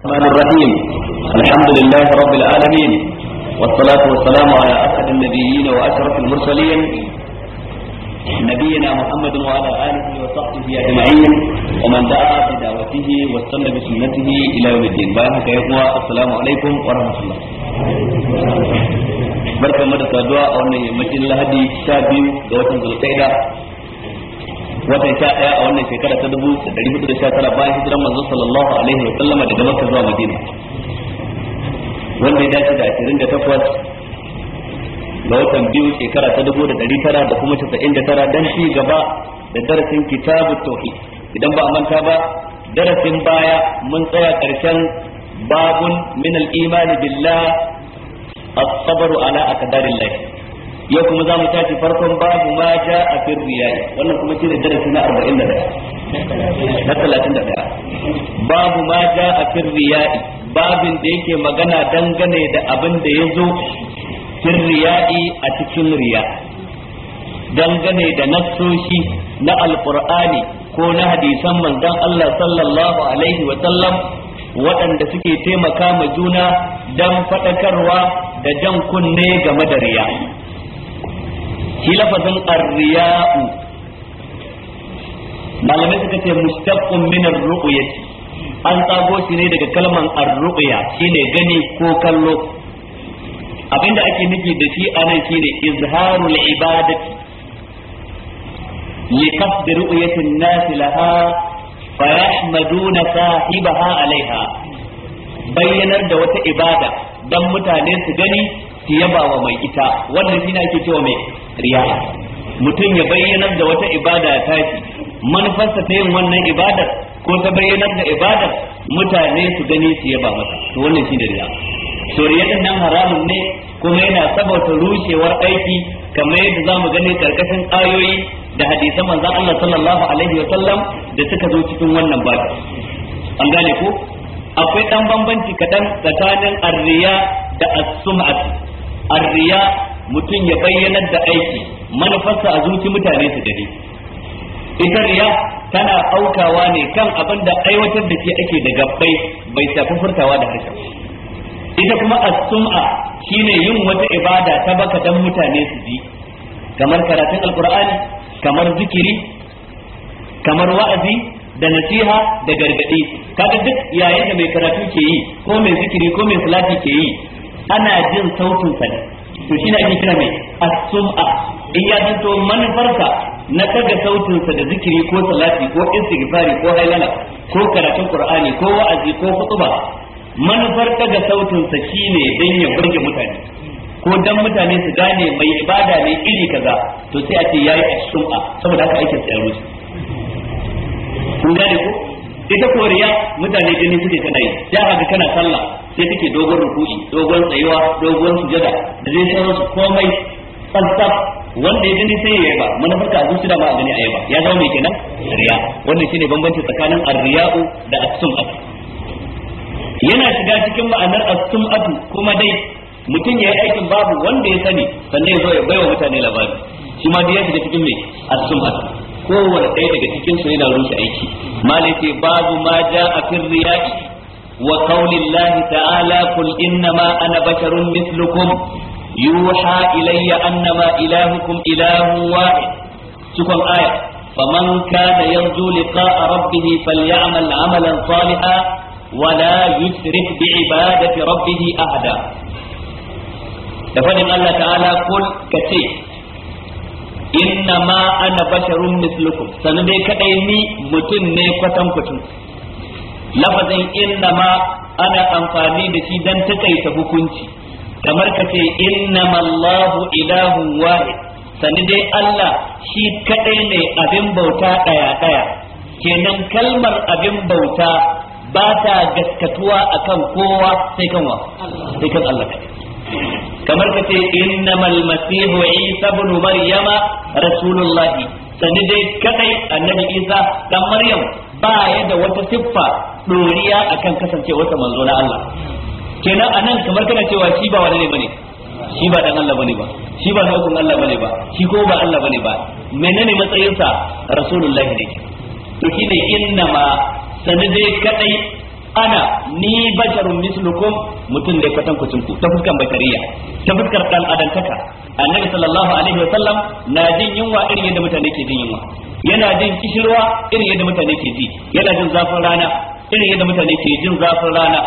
الرحمن الرحيم الحمد لله رب العالمين والصلاة والسلام على أسعد النبيين وأشرف المرسلين نبينا محمد وعلى آله وصحبه أجمعين ومن دعا بدعوته واستنى بسنته إلى يوم الدين بارك يا السلام عليكم ورحمة الله barkan mu da saduwa a wannan yammacin lahadi sha biyu ga watan zulkaida watan sha daya a wannan shekara ta dubu da dari hudu da sha tara bayan hijiran manzo sallallahu alaihi wa sallama daga makka zuwa madina wanda ya dace da ashirin da takwas ga watan biyu shekara ta dubu da dari tara da kuma casa'in da tara don ci gaba da darasin kitabu tauhid idan ba a manta ba darasin baya mun tsaya ƙarshen babun min al-imani billah as-sabru ala aqdarillah yau kuma za mu tashi farkon babu ma ja a fir riyayi wannan kuma shine darasi na da daya na talatin da daya babu ma ja a fir riyayi babin da yake magana dangane da abin da ya zo fir riyayi a cikin riya dangane da nassoshi na alqur'ani ko na hadisan manzon Allah sallallahu alaihi wa sallam waɗanda suke taimaka ma juna don faɗakarwa da jan kunne game da riya shi lafazin arriya'u malamai suka ce mustaqqim min ar-ru'yati an tsago shi ne daga kalman ar-ru'ya shine gani ko kallo abinda ake nufi da shi a nan shine izharul ibadati an-nas laha fa yahmaduna sahibaha عليها bayyanar da wata ibada dan mutane su gani su yaba wa mai ita wannan shine ake cewa mai riya mutum ya bayyanar da wata ibada ta shi manufarsa ta yin wannan ibadar ko ta bayyanar da ibadar mutane su gani su yaba masa to wannan shi da riya to riya din nan haramun ne kuma yana sabauta rushewar aiki kamar yadda zamu gani karkashin ayoyi da hadisan manzon Allah sallallahu alaihi wa sallam da suka zo cikin wannan baki an gane ko akwai dan bambanci kadan tsakanin arriya da as sumah arriya mutum ya bayyanar da aiki manufarsa a zuci mutane su gani ita riya tana aukawa ne kan abin da aiwatar da shi ake da gabbai bai shafi furtawa da harshen ita kuma as-sum'a shine yin wata ibada ta baka dan mutane su ji kamar karatun alqur'ani kamar zikiri kamar wa'azi da nasiha da gargadi kaga duk yayin da mai karatu ke yi ko mai zikiri ko mai salati ke yi ana jin sautin sa ne to shine ake kira mai as-sum'a in ya zanto manufarsa na kaga sautinsa da zikiri ko salati ko istighfari ko hailala ko karatun qur'ani ko wa'azi ko khutba manufar kaga sautinsa shine dan ya burge mutane ko dan mutane su gane mai ibada ne iri kaza to sai a ce yayi as a saboda haka aikin sa ya kun gane ko ita riya mutane gani suke kana yi ya haka kana sallah sai take dogon rukuci dogon tsayuwa dogon sujada da zai sanar su komai falsaf. wanda ya gani sai ya yaba manufar a zuci da ma a gani a yaba ya zama mai kenan riya wannan shine bambanci tsakanin arriya'u da as-sum'atu yana shiga cikin ma'anar as-sum'atu kuma dai mutum ya yi aikin babu wanda ya sani sannan ya zo ya baiwa mutane labari shi ma dai ya shiga cikin mai as-sum'atu kowane ɗaya daga cikin su yana rushe aiki malaka babu ma ja'a fil riya'i وقول الله تعالى قل إنما أنا بشر مثلكم يوحى إلي أنما إلهكم إله واحد سكن آية فمن كان يرجو لقاء ربه فليعمل عملا صالحا ولا يشرك بعبادة ربه أحدا لفضل الله تعالى قل كثير inna ma ana basharun mislukum sannan dai kadai ni mutum ne kwatan kwatan lafazin innama ana amfani da shi dan takaita hukunci kamar ka ce innama Allahu ilahu wahid sani dai Allah shi kadai ne abin bauta daya daya kenan kalmar abin bauta ba ta gaskatuwa akan kowa sai kan wa sai kan Allah kamar ka ce al masihu isa ibn maryama rasulullahi sani dai kadai annabi isa dan maryam ba ya da wata siffa doriya akan kasancewarsa manzo na Allah kenan anan kamar kana cewa shi ba wani ne bane shi ba dan Allah bane ba shi ba hukun Allah bane ba shi ko ba Allah bane ba menene matsayinsa rasulullahi ne to kine inna ma sanade kadai ana ni basharun mislukum mutum da kwatan kucin ku ta fuskan bakariya ta fuskar dan adantaka annabi sallallahu alaihi wasallam na jin yunwa irin da mutane ke jin yunwa yana jin kishirwa irin yadda mutane ke ji yana jin zafin rana irin yadda mutane ke jin zafin rana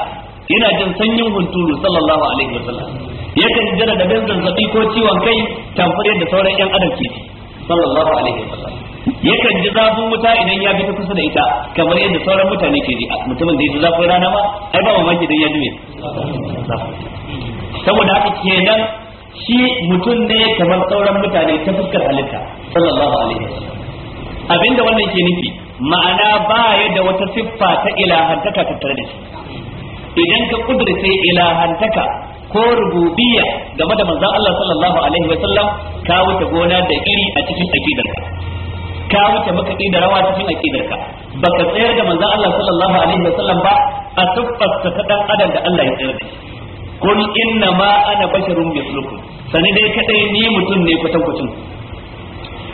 yana jin sanyin hunturu sallallahu alaihi wasallam yakan jira da dan zazzabi ko ciwon kai tamfar yadda sauran yan adam ke ji sallallahu alaihi wasallam yakan ji zafin wuta idan ya bi ta kusa da ita kamar yadda sauran mutane ke ji mutumin da ya ji zafin rana ma ai ba mamaki idan ya ji saboda haka kenan shi mutum ne kamar sauran mutane ta fuskar halitta sallallahu alaihi wasallam abinda wannan ke nufi ma'ana ba ya da wata siffa ta ilahantaka tattare da shi idan ka kudurce ilahantaka ko rububiyya game da manzon Allah sallallahu alaihi wa sallam ka wuce gona da iri a cikin aqidarka ka wuce makaɗi da rawa cikin aqidarka baka tsayar da manzon Allah sallallahu alaihi wa sallam ba a siffarsa ta dan adam da Allah ya tsayar da shi Kun inna ma ana basharun mislukum sani dai kadai ni mutum ne kwatankwacin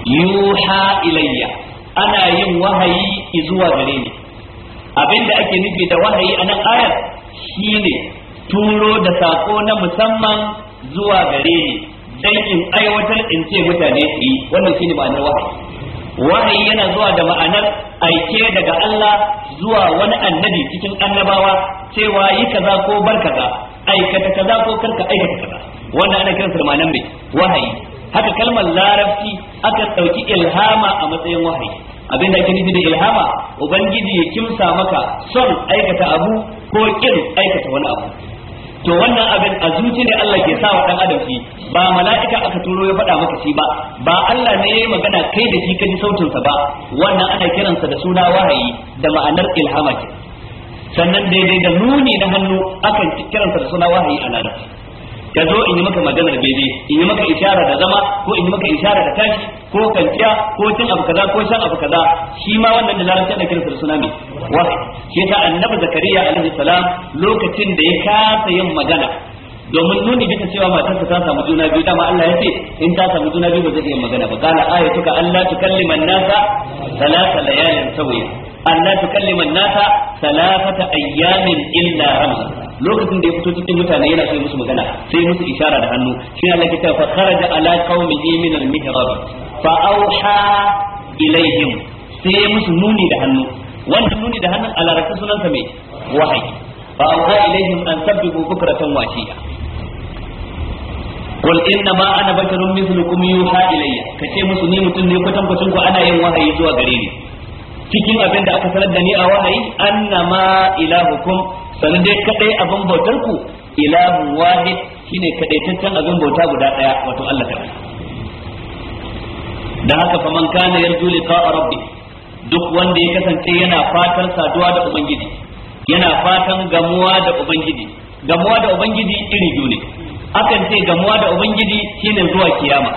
yuha ilayya ana yin wahayi zuwa gare ni abinda ake nufi da wahayi a nan ayar shine turo da sako na musamman zuwa gare ni dan in aiwatar in ce mutane su yi wannan shine ma'anar wahayi wahayi yana zuwa da ma'anar aike daga Allah zuwa wani annabi cikin annabawa cewa yi kaza ko bar kaza aikata kaza ko karka aikata kaza wannan ana kiransa da ma'anar mai wahayi haka kalmar larabci aka ɗauki ilhama a matsayin wahayi da ake nufi da ilhama ubangiji ya kimsa maka son aikata abu ko kin aikata wani abu to wannan abin a zuci ne Allah ke sawa dan adam shi ba mala'ika aka turo ya faɗa maka shi ba ba Allah ne ya magana kai da shi kaji sautin sa ba wannan ana kiransa da suna wahayi da ma'anar ilhama ke. sannan daidai da nuni na hannu akan kiransa da suna wahayi a larabci ka zo in yi maka maganar bebe in yi maka ishara da zama ko in yi maka ishara da tashi ko kanciya ko cin abu kaza ko shan abu kaza shi ma wannan da larabci ana kiransa da suna mai Wa? shi ta annabi zakariya alaihi salam lokacin da ya kasa yin magana domin nuni bisa cewa matarsa ta samu juna biyu dama Allah ya ce in ta samu juna biyu ba zai iya magana ba kana ayatuka Allah tukallima an-nasa salasa layalin sawiya Allah tukallima nasa salasata ayyamin illa ramzan lokacin da ya fito cikin mutane yana so musu magana sai musu ishara da hannu shi Allah ya ce fa kharaja ala qaumihi min al-mihrab fa awha ilaihim sai musu nuni da hannu wanda nuni da hannun a sunan sa mai wahayi fa awha ilaihim an sabbihu bukratan washiya قل انما انا بشر مثلكم يوحى الي كتي musu ni mutun ne kwatan ku ana yin wahayi zuwa gare ni cikin abin da aka sanar da ni a wahayi annama ilahukum sanin dai kadai abin bautar ku ilahu wahid shine tantan abin bauta guda daya wato Allah kadai dan haka fa man kana yarju liqa'a rabbi duk wanda ya kasance yana fatan saduwa da ubangiji yana fatan gamuwa da ubangiji gamuwa da ubangiji iri biyu ne akan ce gamuwa da ubangiji shine zuwa kiyama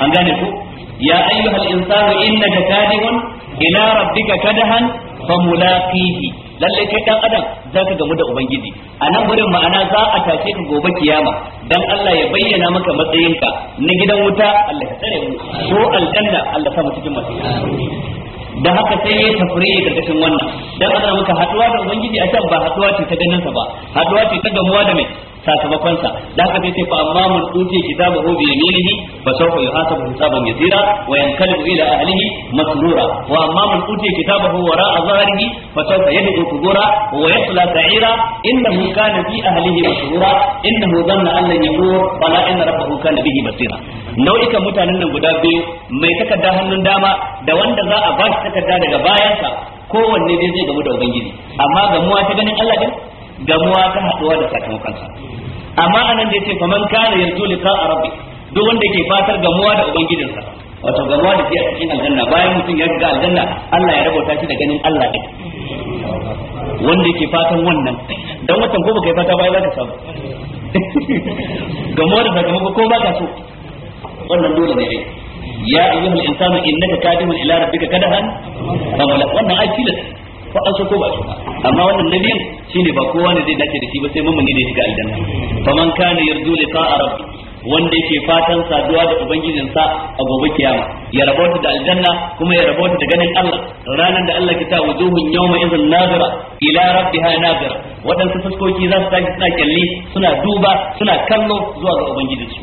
an gane ku ya ayyuhal insanu innaka kadihun ila rabbika kadahan fa mulaqihi lalle kai dan adam zaka gamu da ubangiji a nan gurin ma'ana za a tashe ka gobe kiyama dan Allah ya bayyana maka matsayinka na gidan wuta Allah ya tsare mu ko aljanna Allah sa mu cikin masu da haka sai ya tafriye cikin wannan dan Allah maka haduwa da ubangiji a can ba haduwa ce ta ganin sa ba haduwa ce ta gamuwa da mai sakamakon sa da haka sai fa amma man uti kitabahu bi yaminihi fa sawfa yuhasabu hisaban yasira wa yanqalibu ila ahlihi masrura wa amma man uti kitabahu wara'a zahrihi fa sawfa yad'u qubura wa yasla sa'ira innahu kana fi ahlihi masrura innahu dhanna an lan yamur fala inna rabbahu kana bihi basira nau'ikan mutanen nan guda biyu mai takarda hannun dama da wanda za a ba shi takarda daga bayansa kowanne dai zai gamu da ubangiji amma ga gamuwa ta ganin Allah din gamuwa ta haɗuwa da sakamakonsa amma anan da yace kaman kana yarju a rabbi duk wanda ke fatar gamuwa da ubangijinsa wato gamuwa da shi a cikin aljanna bayan mutum ya ga aljanna Allah ya rabota shi da ganin Allah din wanda ke fatan wannan dan watan gobe kai fata bai zaka samu gamuwa da sakamako ko baka so wannan dole ne ya ayyuhal insanu innaka kadimun ila rabbika kadahan wannan ai tilas ko an so ko ba so amma wannan nabiyin shine ba kowa ne zai dace da shi ba sai mamuni da shiga aljanna faman kana yarju liqa'a rabb wanda yake fatan saduwa da sa a gobe kiyama ya rabo da aljanna kuma ya rabo da ganin Allah ranar da Allah ke ta wujuhun yawma idhin nazira ila rabbiha nazira wadansu fuskoki za su tashi suna kyalli suna duba suna kallo zuwa ga su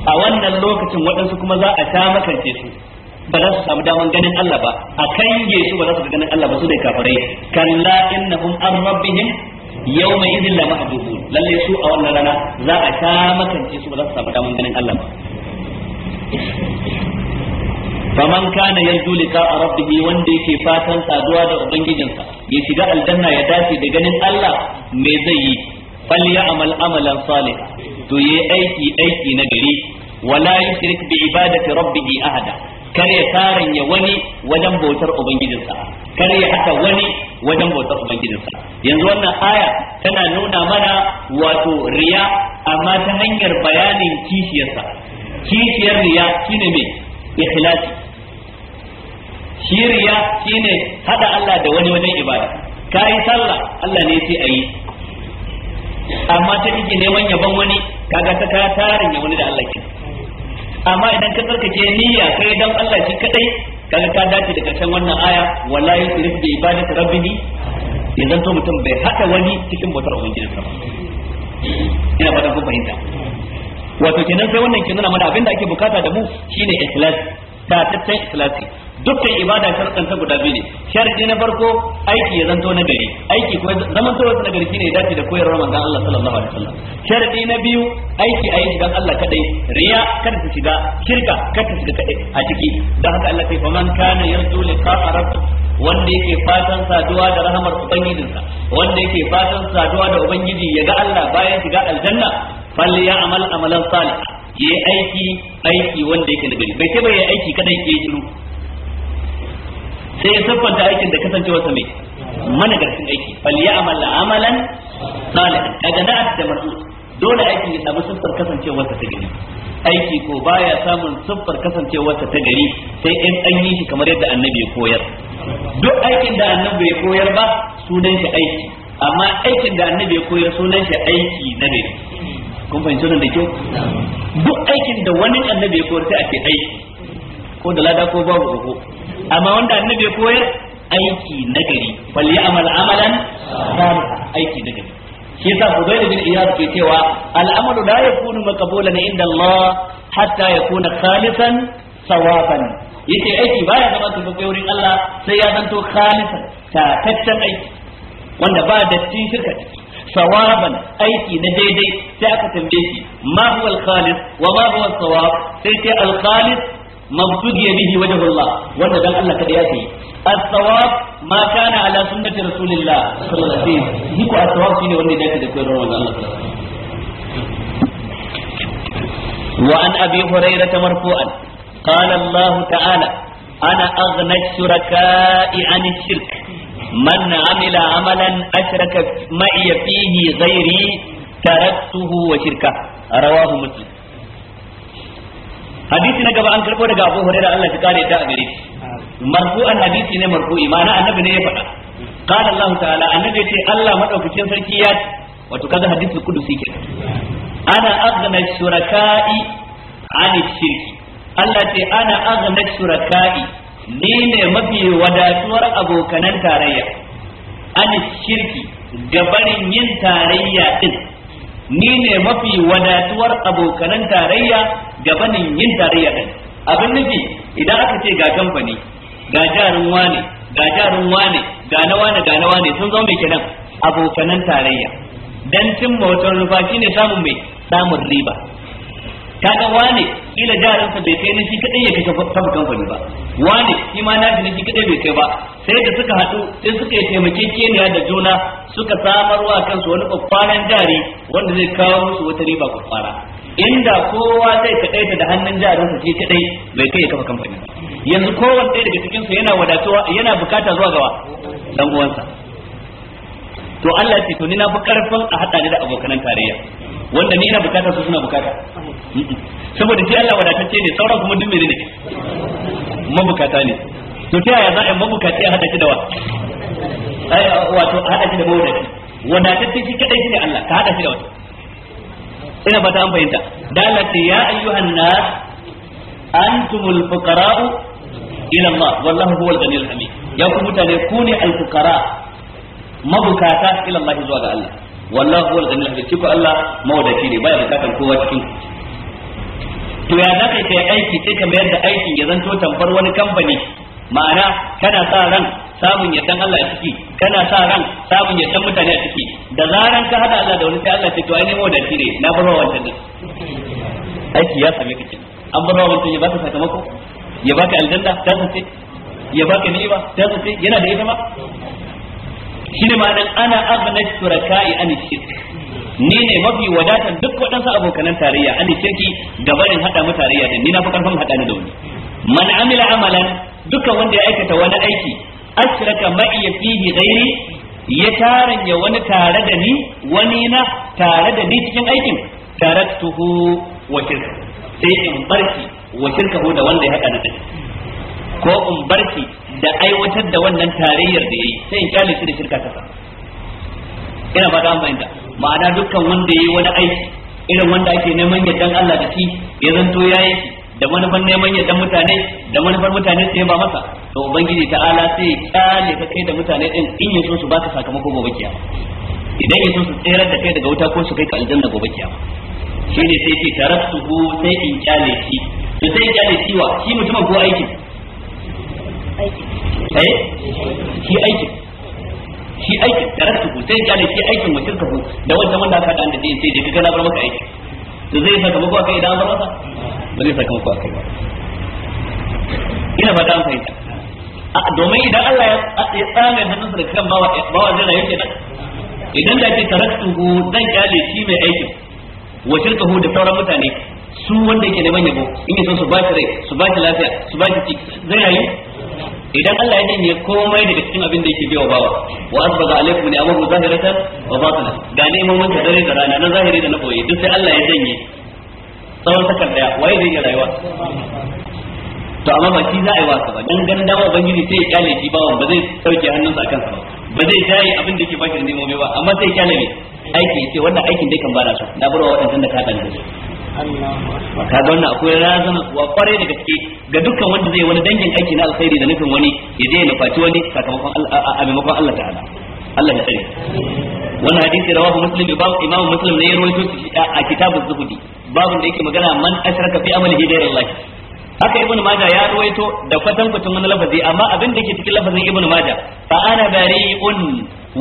a wannan lokacin waɗansu kuma za a ta makance su ba za su samu daman ganin Allah ba a kan su ba za su ganin Allah ba su da kafirai kalla innahum an rabbihim yawma idhin la mahdubun lalle su a wannan rana za a ta makance su ba za su samu daman ganin Allah ba faman kana yarju a rabbih wanda yake fatan saduwa da ubangijinsa ya shiga aljanna ya dace da ganin Allah me zai yi fal ya'mal amalan salih to yi aiki aiki na gari wala yushrik bi ibadati rabbih ahada kare tsarin ya wani wajen bautar ubangijinsa kare ya haka wani wajen bautar ubangijinsa yanzu wannan aya tana nuna mana wato riya amma ta hanyar bayanin kishiyarsa kishiyar riya shine mai ikhlasi shi riya shine hada Allah da wani wajen ibada kai sallah Allah ne sai ayi amma ta kike neman yaban wani kaga ta tarin ya wani da Allah kenan amma idan ka tsarkake niyya kai dan Allah shi kadai kaga ka dace da karshen wannan aya wala yusrif bi ibadati rabbih idan to mutum bai hada wani cikin motar ubangiji ba ina fatan kun fahimta wato kenan sai wannan ke nuna mana abinda ake bukata da mu shine ikhlas ta tattai ikhlasi dukkan ibada san ta guda biyu ne sharadi na farko aiki ya zanto na gari aiki kuma zaman to na gari shine ya dace da koyarwar manzon Allah sallallahu alaihi wasallam sharadi na biyu aiki a yin dan Allah kadai riya kada ta shiga shirka kada ta shiga kadai a ciki dan haka Allah sai man kana yarju liqa'a rabbih wanda yake fatan saduwa da rahamar ubangijinsa wanda yake fatan saduwa da ubangiji ya ga Allah bayan shiga aljanna falyamal amalan salih yi aiki aiki wanda yake nagari bai ce bai yi aiki kada yi shiru sai ya siffanta aikin da kasance sa mai managarcin aiki fal amala amalan salihan kaga da, da mar'ud dole aiki ya samu siffar kasancewar ta gari aiki ko baya samun siffar kasancewar ta gari sai in an yi shi kamar yadda annabi ya koyar duk aikin da annabi ya koyar ba sunan shi aiki amma aikin da annabi ya koyar sunan shi aiki na gari kun fahimci da kyau duk aikin da wani annabi ya koyar sai a ce aiki ko da lada ko babu ko. amma wanda annabi ya koyar aiki nagari bal ya'mal amalan aiki nagari shi yasa Hudayl bin Iyad ke cewa al'amalu la yakunu maqbulan inda Allah hatta yakuna khalisan sawaban yace aiki baya zama karɓaɓɓe wurin Allah sai ya zanto khalisan tataccen aiki wanda ba da cin shirka sawaban aiki na daidai sai aka tambaye shi ma huwa al-khalis wa ma huwa as-sawab sai ce al-khalis mabtudi bihi wajhullah wanda dan Allah kada ya yi as-sawab ma kana ala sunnati rasulillah sallallahu alaihi wasallam hiko as-sawab shine wanda ya dace da koyarwar Allah wa an abi hurairah marfu'an qala Allah ta'ala ana aghna shuraka'i 'an shirk man 'amila 'amalan ashraka ma'i fihi ghairi taraktuhu wa shirka rawahu muslim hadisi na gaba an karbo daga Abu da Allah ya kare ta a Marfu shi hadisi ne marfu'i ma'ana annabi ne ya faɗa qala Allah ta'ala annabi ce Allah madaukakin sarki ya wato kaza hadisi kudusi ke ana aghna shuraka'i an shirki Allah ce ana aghna shuraka'i ni ne mafi wadatuwar abokanan tarayya an shirki gabarin yin tarayya din ni ne mafi wadatuwar abokanan tarayya gabanin yin tarayya din abin nufi idan aka ce ga kamfani ga jarin wane ga jarin wane ga na wane ga na wane sun zama mai kenan abokanan tarayya dan cin motar rufa shine samun mai samun riba kaga wane kila jarinsa bai kai na shi kadai ya kashe kafa kwani ba wane shi ma na shi kadai bai kai ba sai da suka haɗu sai suka yi keniya da juna suka samarwa kansu wani kwakwaran jari wanda zai kawo musu wata riba kwakwara inda kowa zai kadaita da hannun jarinsa shi kadai bai kai ya kafa kamfani ba yanzu kowanne ɗaya daga cikin su yana wadatuwa yana bukata zuwa gawa dan uwansa to Allah ce to ni na fi karfin a hada ni da abokanan tarayya wanda ni ina bukata su suna bukata saboda shi Allah wadatacce ne sauran kuma duk menene mabukata ne to ta yaya za a mabukata ya hada shi da wa wato a hada shi da mawadaci wadatacce shi kadai shi ne Allah ka hada shi da wata ina ba ta an fahimta ce ya ayyuhan nas antumul fuqara'u ila Allah wallahu huwal ghaniyul hamid ya ku mutane ku ne al fuqara mabukata ila Allah zuwa ga Allah wallahu wal ghani da kiko Allah mawadaci ne baya bukatan kowa cikin to ya zaka kai aiki sai ka mayar da aikin ya zanto tamfar wani kamfani ma'ana kana sa ran samun yaddan Allah ya ciki kana sa ran samun yaddan mutane a ciki da zaran ka hada Allah da wani sai Allah ce to ai ne mawadaci ne na bar wancan din aiki ya same ka kenan an bar wancan ya baka sakamako ya baka aljanna ta sace ya baka ni'ima ta sace yana da ita ma ne ma'anar ana aghna shuraka'i an shirk ni ne mafi wadatan duk waɗansu abokanan tarayya an da barin haɗa mu tarayya da ni na fi karfin hada ni da wani man amila amalan dukkan wanda ya aikata wani aiki ashraka ma'i fihi ghairi ya taranya wani tare da ni wani na tare da ni cikin aikin taraktuhu wa shirka sai in barki wa shirkahu da wanda ya haɗa ni ko in barki da aiwatar da wannan tarayyar da yayi sai in kyale shi da shirka kasa ina ba da amfani ma'ana dukkan wanda yayi wani aiki irin wanda ake neman yardan Allah da shi ya zanto yayi da manufar neman yardan mutane da manufar mutane sai ba masa to ubangiji ta'ala sai ya kyale ka kai da mutane din in yaso su baka sakamako gobe kiyama idan yaso su tsere da kai daga wuta ko su kai ka aljanna gobe kiyama shine sai ce ko sai in kyale shi to sai in kyale shi wa shi mutumin ko aikin eh shi aikin shi aikin da rasu sai kyale shi aikin mutum ka da wanda wanda aka da dai sai dai kaga na bar maka aiki to zai saka mako akai idan bar maka ba zai saka mako akai ba ina fata an fahimta domin idan Allah ya tsame hannunsa da kan bawa bawa zai rayu kenan idan da ke taraktuhu zan kyale shi mai aikin wa shirkahu da sauran mutane su wanda ke neman yabo in yi son su ba shi rai su ba shi lafiya su ba shi ciki zai rayu idan Allah ya janye komai daga cikin abin da yake biyo bawa wa asbaga alaikum ni'amahu zahiratan wa batina ga mun ta dare da rana na zahiri da na boye duk sai Allah ya janye tsawon sakar daya waye zai iya rayuwa to amma ba shi za a yi wasa ba dan ganin dama ubangiji sai ya kyale shi bawan ba zai sauke hannunsa akan sa ba ba zai jaye abin da yake baki da ni'imomi ba amma sai ya kyale ne aiki sai wannan aikin dai kan ba na so na bar waɗannan da ka dalibai kaga wannan akwai wa kware da gaske ga dukkan wanda zai wani dangin aiki na alkhairi da nufin wani ya je ya faci wani sakamakon a maimakon Allah ta'ala Allah ya tsare wannan hadisi rawahu muslim imamu muslim ne ya rawaito a kitabuz zuhudi babu da yake magana man asharaka fi amalihi Allah haka ibnu majah ya ruwaito da kwatan kwatan wani lafazi amma abin da ke cikin lafazin ibnu majah fa ana bari'un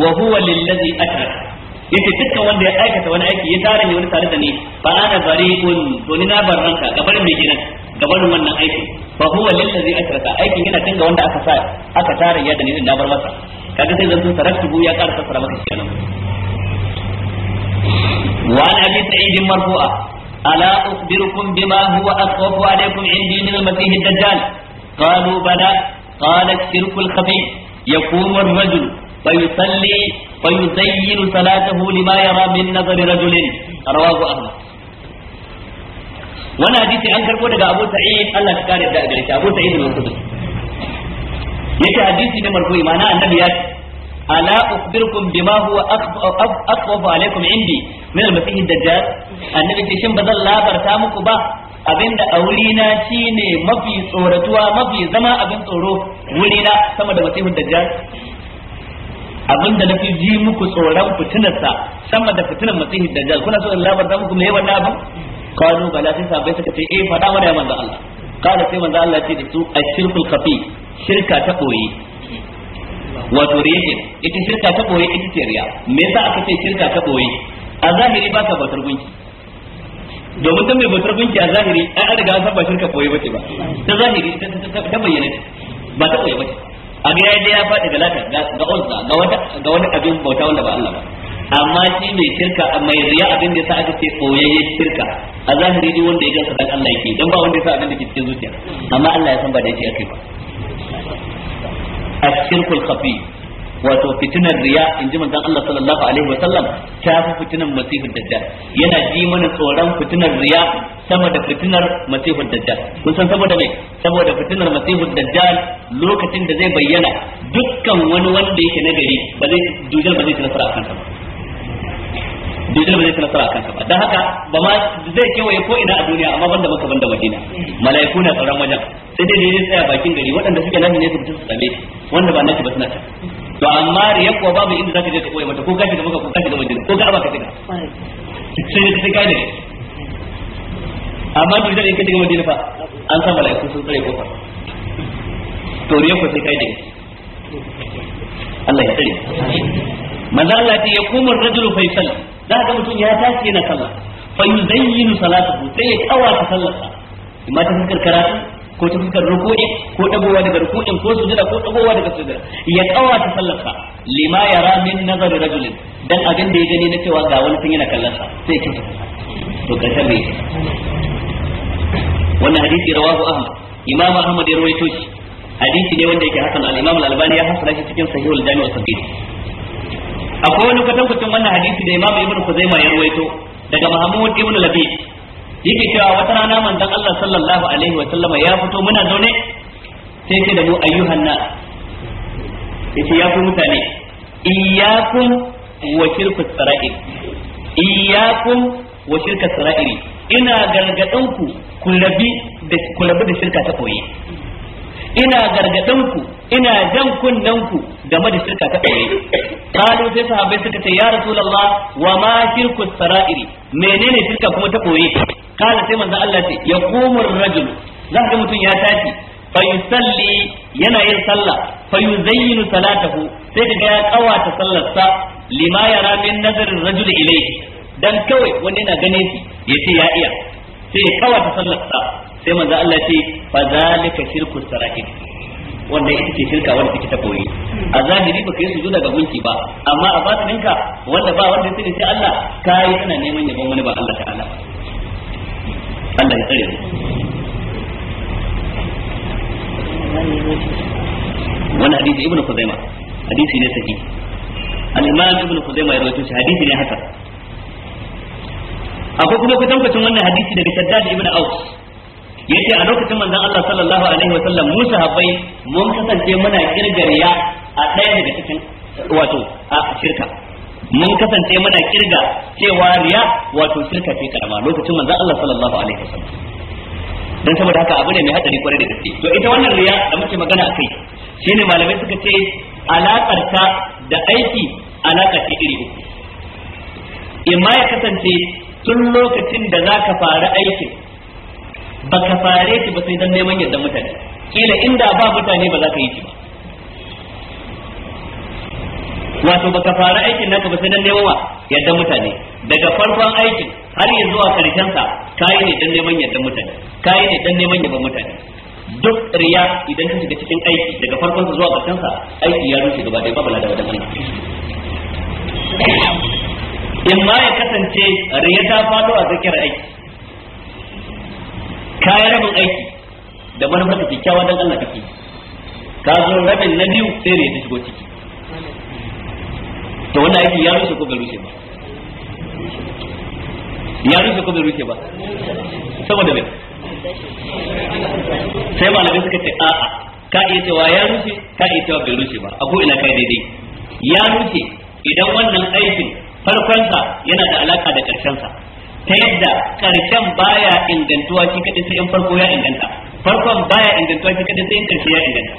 wa huwa lillazi ashraka yace dukkan wanda ya aikata wani aiki ya tare ne wani tare da ni fa ana bari'un to ni na barranka gaban mai gina gabar wannan aiki fa huwa lillazi ashraka aikin yana tun ga wanda aka sa aka tare ya da ni na bar masa kaga sai zan bu ya ƙara fassara maka kenan wa an abi sa'id marfu'a ala ukhbirukum bima huwa aswafu alaykum indi min al-masih ad-dajjal qalu bala qala shirkul khabith yakunu ar-rajul فيصلي فيزين صلاته لما يرى من نظر رجل رواه أحمد وانا حديث عن كربو دغا ابو سعيد الله تكاري دا غري ابو سعيد المخدري yace hadisi ne marfu'i ma'ana annabi ya ala ukhbirukum bima huwa akhwafu alaikum indi min al-masih ad-dajjal annabi ce shin bazan labarta muku ba abinda a wurina shine mafi tsoratuwa mafi zama abin tsoro wurina sama da masihun dajjal abinda na fi ji muku tsoron fitinarsa sama da fitinar masihi jal kuna so in labar labarta muku me wannan abin qalu bala sai sabai suka ce eh fada mana ya manzo Allah qala sai manzo Allah ce da su ashirkul khafi shirka ta koyi wato riya ita shirka ta koyi ita ce riya me yasa aka ce shirka ta koyi a zahiri ba ka bautar gunki domin ta mai bautar gunki a zahiri an riga an saba shirka koyi ce ba ta zahiri ta bayyana ba ta koyi ce. aga ya dai ya faɗi galata ga uzza ga wata ga wani abin bauta wanda ba Allah ba amma shi mai shirka mai riya abin da yasa aka ce koyayye shirka a zahiri ne wanda ya gansa dan Allah yake dan ba wanda yasa abin da ke cikin zuciya amma Allah ya san ba da yake akai ba ashirkul khafi wato fitinar riya in ji manzon Allah sallallahu alaihi wa sallam ta fi fitinar masihud dajjal yana ji mana tsoron fitinar riya sama da fitinar masihud dajjal kun san saboda me saboda fitinar masihud dajjal lokacin da zai bayyana dukkan wani wanda yake nagari ba zai dujal ba zai ci nasara akan ba dujal ba zai ci nasara akan ba dan haka ba ma zai kewaye ko ina a duniya amma banda maka banda madina mala'iku na tsaron wajen sai dai ne a bakin gari waɗanda suke nan ne su fita su tsale wanda ba nake ba suna ta to amma riya ko babu inda zaka je ka koyi mata ko ka shiga maka ko ka shiga majina ko ka ba ka shiga sai ka shiga kai da amma duk da in ka shiga majina fa an san malaiku sun tsare kofar to riya ko sai kai da Allah ya tsare manzo Allah ya yakumur kuma rajul faisal da ga mutum ya tashi yana sallah fa yuzayyinu salatahu sai ya kawata sallarsa imma ta karkara ko ta fuskar ruku'i ko dagowa daga ruku'in ko sujada ko dagowa daga sujada ya kawata sallarsa lima yara min nazari rajulin dan abin da ya gani na cewa ga wani sun yana kallon sa sai ya kyauta to karshen bai wannan hadisi rawahu ahmad imam ahmad ya rawaito shi hadisi ne wanda yake hasan al-imam al-albani ya hasana shi cikin sahih al-jami' al-sahih akwai wani kwatankwacin wannan hadisi da imam ibn kuzaima ya rawaito daga mahmud ibn labid yake cewa wata rana manzon Allah sallallahu alaihi wa sallama ya fito muna zaune sai ce da mu ayyuhan nas yace ya ku mutane iyyakum wa shirku sara'ir iyyakum wa shirka sara'iri ina gargadan ku ku rabi da ku rabi da shirka ta koyi ina gargadan ku ina jan kunnan ku game da shirka ta koyi qalu sai sahabbai suka ce ya rasulullah wa ma shirku sara'iri menene shirka kuma ta koyi kala sai manzo Allah ce yaqumu ar-rajul za ga mutum ya tashi fa yusalli yana yin sallah fa yuzayyinu salatahu sai kaga ya kawata sallarsa lima yara min nazarin rajul ilayhi dan kawai wanda yana ganin shi yace ya iya sai ya kawata sallarsa sai manzo Allah ce fa zalika shirku sarakin wanda ita ce shirka wanda take ta koyi a ba baka yi sujuda ga gunki ba amma a batininka wanda ba wanda sai Allah kai kana neman yabon wani ba Allah ta'ala Allah ya tsare wani hadisi ibnu kuzaima hadisi ne sahi al-imam ibnu kuzaima ya rawaito shi hadisi ne haka akwai kuma kutankucin wannan hadisi daga shaddad ibn aus yace a lokacin manzon Allah sallallahu alaihi wa sallam Musa habbai mun kasance muna kirgariya a ɗaya daga cikin wato a shirka mun kasance muna kirga cewa riya wato shirka ce karama lokacin manzon Allah sallallahu alaihi wasallam dan saboda haka abu ne mai hadari kwarai da gaske to ita wannan riya da muke magana akai shine malamai suka ce alakar ta da aiki alaka ce iri uku imma ya kasance tun lokacin da zaka fara aiki baka fare shi ba sai dan neman yadda mutane kila inda ba mutane ba za ka yi shi ba wato baka fara aikin naka ba sai dan neman wa yaddan mutane daga farkon aikin har yanzu a karshen sa kai ne dan neman yaddan mutane kai ne dan neman yaban mutane duk riya idan ka shiga cikin aiki daga farkon sa zuwa karshen sa aiki ya rushe gaba da babala da wadan aiki in ma ya kasance riya ta fado a zakiyar aiki kayan rabin aiki da manufar kyakkyawa dan Allah take ka zo rabin na biyu sai ne ta shigo ciki to wannan aiki ya rushe ko bai rushe ba ya rushe ko bai rushe ba saboda bai sai malamai suka ce a'a ka iya cewa ya rushe ka iya cewa bai rushe ba a ko ina kai daidai ya rushe idan wannan aikin farkonsa yana da alaka da karshensa ta yadda karshen baya ingantuwa shi kadai sai in farko ya inganta farkon baya ingantuwa shi kadai sai in karshe ya inganta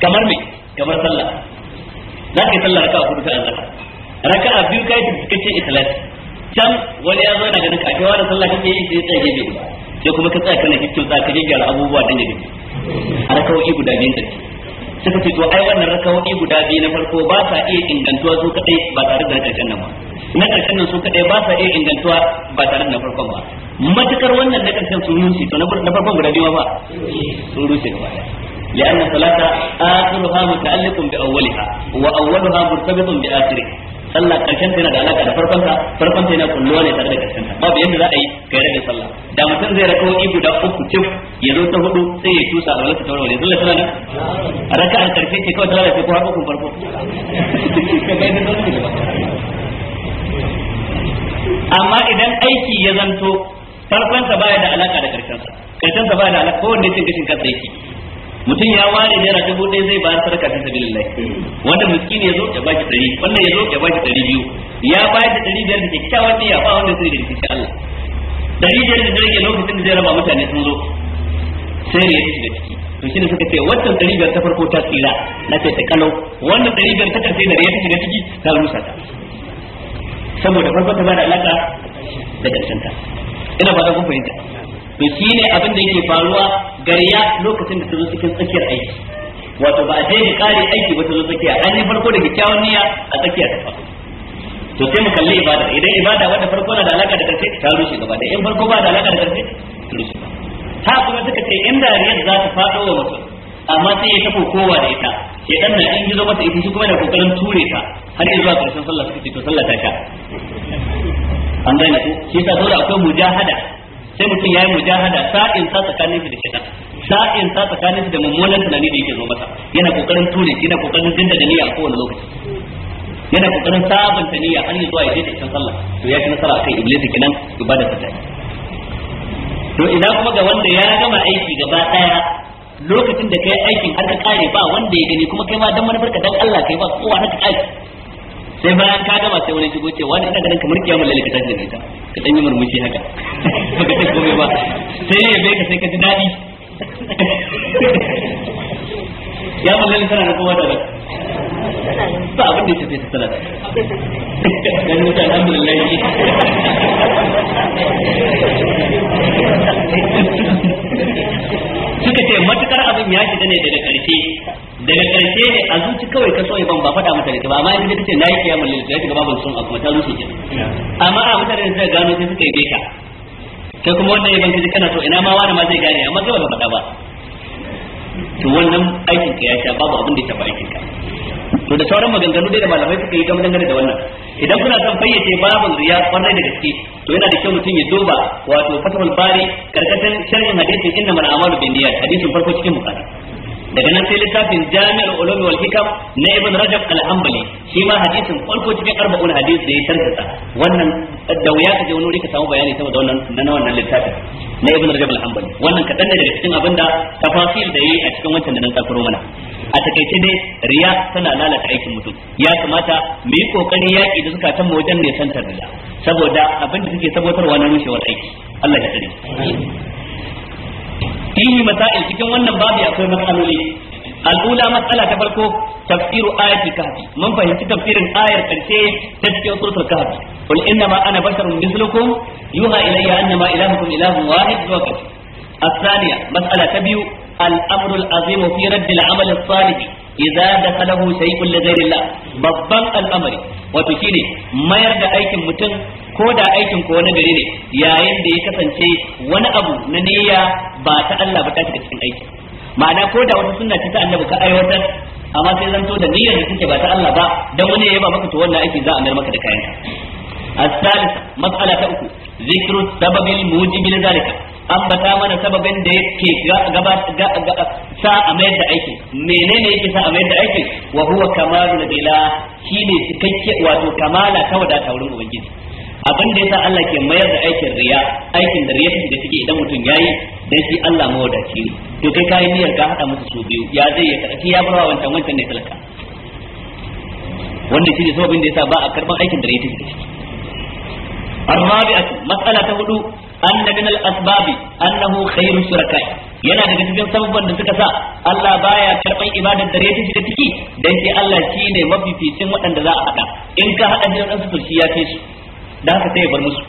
kamar me kamar sallah za ka yi sallah a kudu ta raka a biyu kai ta cikakken ikhlasi can wani ya zo na ganin ake wani sallah kake yi sai tsaye gefe guda sai kuma ka tsaya kana kicin za ka gyara abubuwa dan ya gaji a raka'o'i guda biyu ke suka ce to ai wannan raka'o'i guda biyu na farko ba sa iya ingantuwa su kadai ba tare da karshen nan ba na karshen nan su kadai ba sa iya ingantuwa ba tare da na farkon ba matukar wannan na karshen sun rushe to na farkon guda biyu ba sun rushe gaba daya لأن الصلاة آخرها متعلق بأولها وأولها مرتبط بآخرها sallah karshen tana da alaka da farkon ta yana kulluwa ne tare da ta babu yadda za a yi kai rage da mutum zai raka wani guda uku cif ya zo ta hudu sai ya tusa a wani ta Ya zalla tana nan a karshe ce kawai tana da ko har uku farko amma idan aiki ya zanto farkon baya da alaka da baya da alaka kowanne cin gashin kansa yake mutum ya ware naira dubu ɗaya zai bayar sadaka fi sabilillah wanda miskin ya zo ya shi ɗari Wanda ya zo ya shi ɗari biyu ya ba shi ɗari biyar da kyakkyawan ya ba wanda sai da rikici Allah ɗari biyar da dare lokacin da zai raba mutane sun zo sai ya shiga ciki to shine suka ce wannan ɗari biyar ta farko ta tsira na ce ta kalau wannan ɗari biyar ta karshe da ya shiga ciki ta rusa ta saboda farko ta ba da alaka da karshen ta ina ba da kun fahimta to ne abin da yake faruwa gariya lokacin da ta zo cikin tsakiyar aiki wato ba a je ni kare aiki ba ta zo tsakiya an yi farko da kyakkyawan niyya a tsakiyar ta faru to sai mu kalli ibada idan ibada wanda farko na da alaka da karshe ta rushe gaba da in farko ba da alaka da karshe ta rushe ta kuma suka ce in riyar za ta faɗo wa mutum amma sai ya tafi kowa da ita ya dan na in gizo mata ita shi kuma da kokarin ture ta har yanzu a karshen sallah suka ce to sallah ta sha an gane ko shi yasa dole akwai mujahada sai mutum ya yi mujahada sa'in sa tsakanin shi da shaitan sa'in sa tsakanin shi da mummunan tunani da yake zo masa yana kokarin tune yana kokarin dinda da niyya a kowane lokaci yana kokarin sabanta niyya har zuwa ya je da cikin sallah to ya ci nasara akan iblis kenan ibada ta to idan kuma ga wanda ya gama aiki gaba daya lokacin da kai aikin har ka kare ba wanda ya gani kuma kai ma dan manufar ka dan Allah kai ba kowa ka aiki sai bayan ka gama sai wani shigo ce wani ina ganin kamar kiyamul lail ka tashi da ita ka dan yi murmushi haka baka ce komai ba sai ya bai ka sai ka ji dadi ya mallal tana na kowa da ba abin da ya tafi ta salata dan mutu alhamdulillah suka ce matukar abin ya shiga ne daga karshe daga karshe ne a zuci kawai ka so ban ba faɗa mutane ba amma idan kace nayi kiyamul lil ya shiga babun sun a kuma ta rushe ki amma a mutane da gano sai suka yi beka kai kuma wannan yaban kaji kana so ina ma wani ma zai gane amma kai ba faɗa ba to wannan aikin ka ya sha babu abin da ya taɓa aikin ka to da sauran maganganu dai da malamai suka yi game dangane da wannan idan kuna son fayyace babin riya kwarai da gaske to yana da kyau mutum ya duba wato fatawul bari karkashin sharhin hadisin inna mal a'malu binniyat hadisin farko cikin bukhari daga nan sai littafin jami'ul ulum wal hikam na ibn rajab al-hanbali shi ma hadisin farko cikin arba'un hadis da ya tarkata wannan da wuya ka je wani wuri ka samu bayani saboda wannan na wannan littafin na ibn rajab al-hanbali wannan kadan ne daga cikin abinda tafasil da yi a cikin wancan da nan tsakuro mana a takaice dai riya tana lalata aikin mutum ya kamata mu yi kokarin yaki da suka mu wajen santar riya saboda abin da suke sabotarwa na rushewar aiki Allah ya tsare fihi masail cikin wannan babu akwai matsaloli al'ula matsala ta farko tafsiru ayati kahfi mun fahimci tafsirin ayar karshe ta cikin surtar kahfi qul inna ma ana basharun mislukum yuha ilayya annama ilahukum ilahun wahid wa kafi الثانية مسألة تبيو الأمر العظيم في رد العمل الصالح إذا دخله شيء لغير الله babban al'amari wato shine mayar da aikin mutum ko da aikin ko wani gari ne yayin da ya kasance wani abu na niyya ba ta Allah ba ta shiga cikin aiki ma'ana ko da wata sunna ce ta annabi ka aiwatar amma sai zanto da niyyar da take ba ta Allah ba dan wani yayi ba maka to wannan aiki za a mayar maka da kayanka الثالثة ta uku ذكر السبب الموجب Zalika. ambata mana sababin da yake sa a mayar da aikin menene yake sa a mayar da aikin wa huwa kamalu bila ne cikakke wato kamala ta wadata wurin ubangiji abin da yasa Allah ke mayar da aikin riya aikin da riya take da take idan mutum yayi dan shi Allah ma wada ne to kai kai niyyar ka hada musu su biyu ya zai ya karfi ya barwa wancan wancan ne talaka wannan shine sababin da yasa ba a karban aikin da riya take da ciki الرابعة مسألة هدوء anna min al-asbabi annahu khairu suraka yana daga cikin sababban da suka sa Allah baya karban ibadar da ya da ciki dan shi Allah shine mafificin waɗanda za a hada in ka hada da wadansu to shi ya fi su dan haka sai bar musu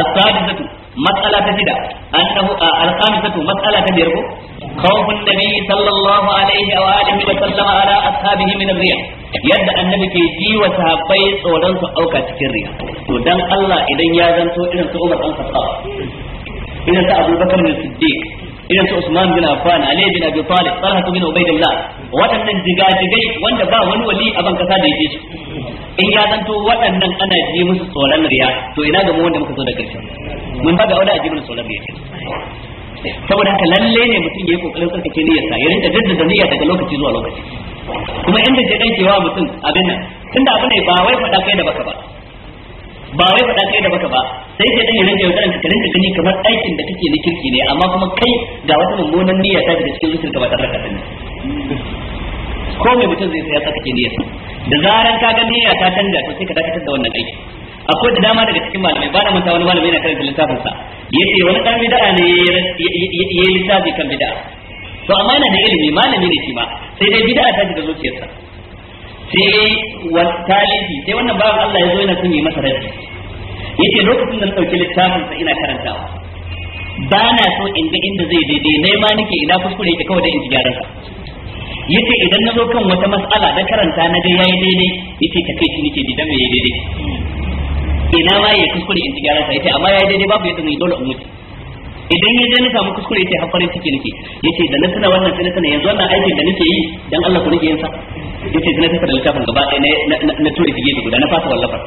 as sadiqatu matsala ta shida annahu al-khamisatu matsala ta biyar ko khawfun nabi sallallahu alaihi wa alihi wa sallama ala ashabihi min riya yadda annabi ke ji wa sahabbai tsoron su auka cikin riya to dan Allah idan ya zanto irin su Umar dan Khattab irin su Abu Bakar ne Siddiq irin su Usman bin Affan Ali bin Abi Talib Talha bin Ubaidillah waɗannan jigajigai wanda ba wani wali a ban kasa da yake shi in ya zanto waɗannan ana ji musu tsoron riya to ina ga mu wanda muka zo da karshe mun ba da wada a ji musu tsoron riya saboda haka lalle ne mutum yayi kokarin tsarkake sa ya rinka jaddada niyya daga lokaci zuwa lokaci kuma inda je dan cewa mutum abin nan tunda abin ne ba wai faɗa kai da baka ba ba wai faɗa kai da baka ba sai ka dan rinka yaudaran ka rinka gani kamar aikin da kake na kirki ne amma kuma kai ga wata mummunan niyya ta da cikin zuciyarka ba tare da sani ko me mutum zai saya saka ke niyyar da zaran ka ga niyya ta canza to sai ka dakatar da wannan aiki akwai da dama daga cikin malamai ba na manta wani malami yana karanta littafin sa yace wani dan bid'a ne yayi littafi kan bid'a to amma yana da ilimi malami ne shi ma sai dai bid'a ta shiga zuciyarsa sai wal talibi sai wannan babu Allah ya zo yana son yi masa raddi yace lokacin da na dauki littafin sa ina karantawa ba na so in ga inda zai daidai nai ma nake ina kuskure yake kawai da in gyaran sa yace idan na zo kan wata mas'ala da karanta na ga yayi daidai yace ta kai shi nake ji dan yayi daidai ina ma yayi kuskure in gyaran sa yace amma yayi daidai babu yadda mai dole in mutu idan ya je na samu kuskure yace har ciki nake yace da na tuna wannan sai na tuna yanzu wannan aikin da nake yi dan Allah ku rike yin sa yace na da littafin gaba ɗaya na tura fiye da guda na fasa wallafa.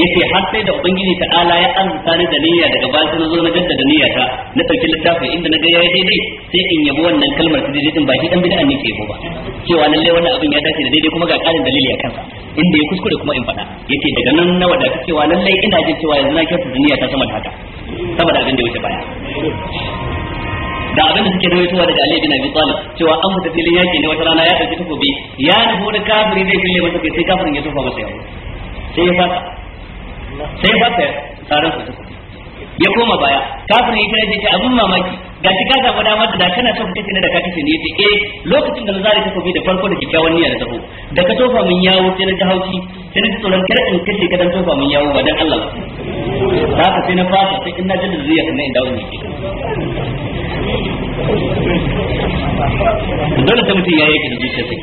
yace har sai da ubangiji ta'ala ya amsa ni da niyya daga sai na zo na jaddada niyya ta na ɗauki littafin inda na ga yayi daidai sai in yabo wannan kalmar ta daidai din ba shi dan bid'a ne ke yabo ba cewa lalle wannan abin ya dace da daidai kuma ga ƙarin dalili a kansa inda ya kuskure kuma in faɗa yace daga nan na wadata cewa lalle ina jin cewa yanzu na kyautata da niyya ta sama da haka saboda abin da ya wuce baya da abin da suke rawaitowa daga Ali bin Abi Talib cewa an fita filin yaki ne wata rana ya dauki takobi ya nufo da kafiri zai fille masa kai sai kafirin ya tofa masa yawo sai ya fasa sai ya fasa tsarin su ya koma baya kafirin ya kira ce abin mamaki ga shi ka da damar da kana so fice ne da ka kace ne yace eh lokacin da na zare takobi da farko da kikkiawan niyya da taho da ka tofa min yawo sai na ta hauki, sai na tsoron kar in kace ka dan tofa min yawo ba dan Allah ba ka sai na fata, sai in na jin zuriya kuma in dawo ne dole sai mutum ya yake da zuciyarsa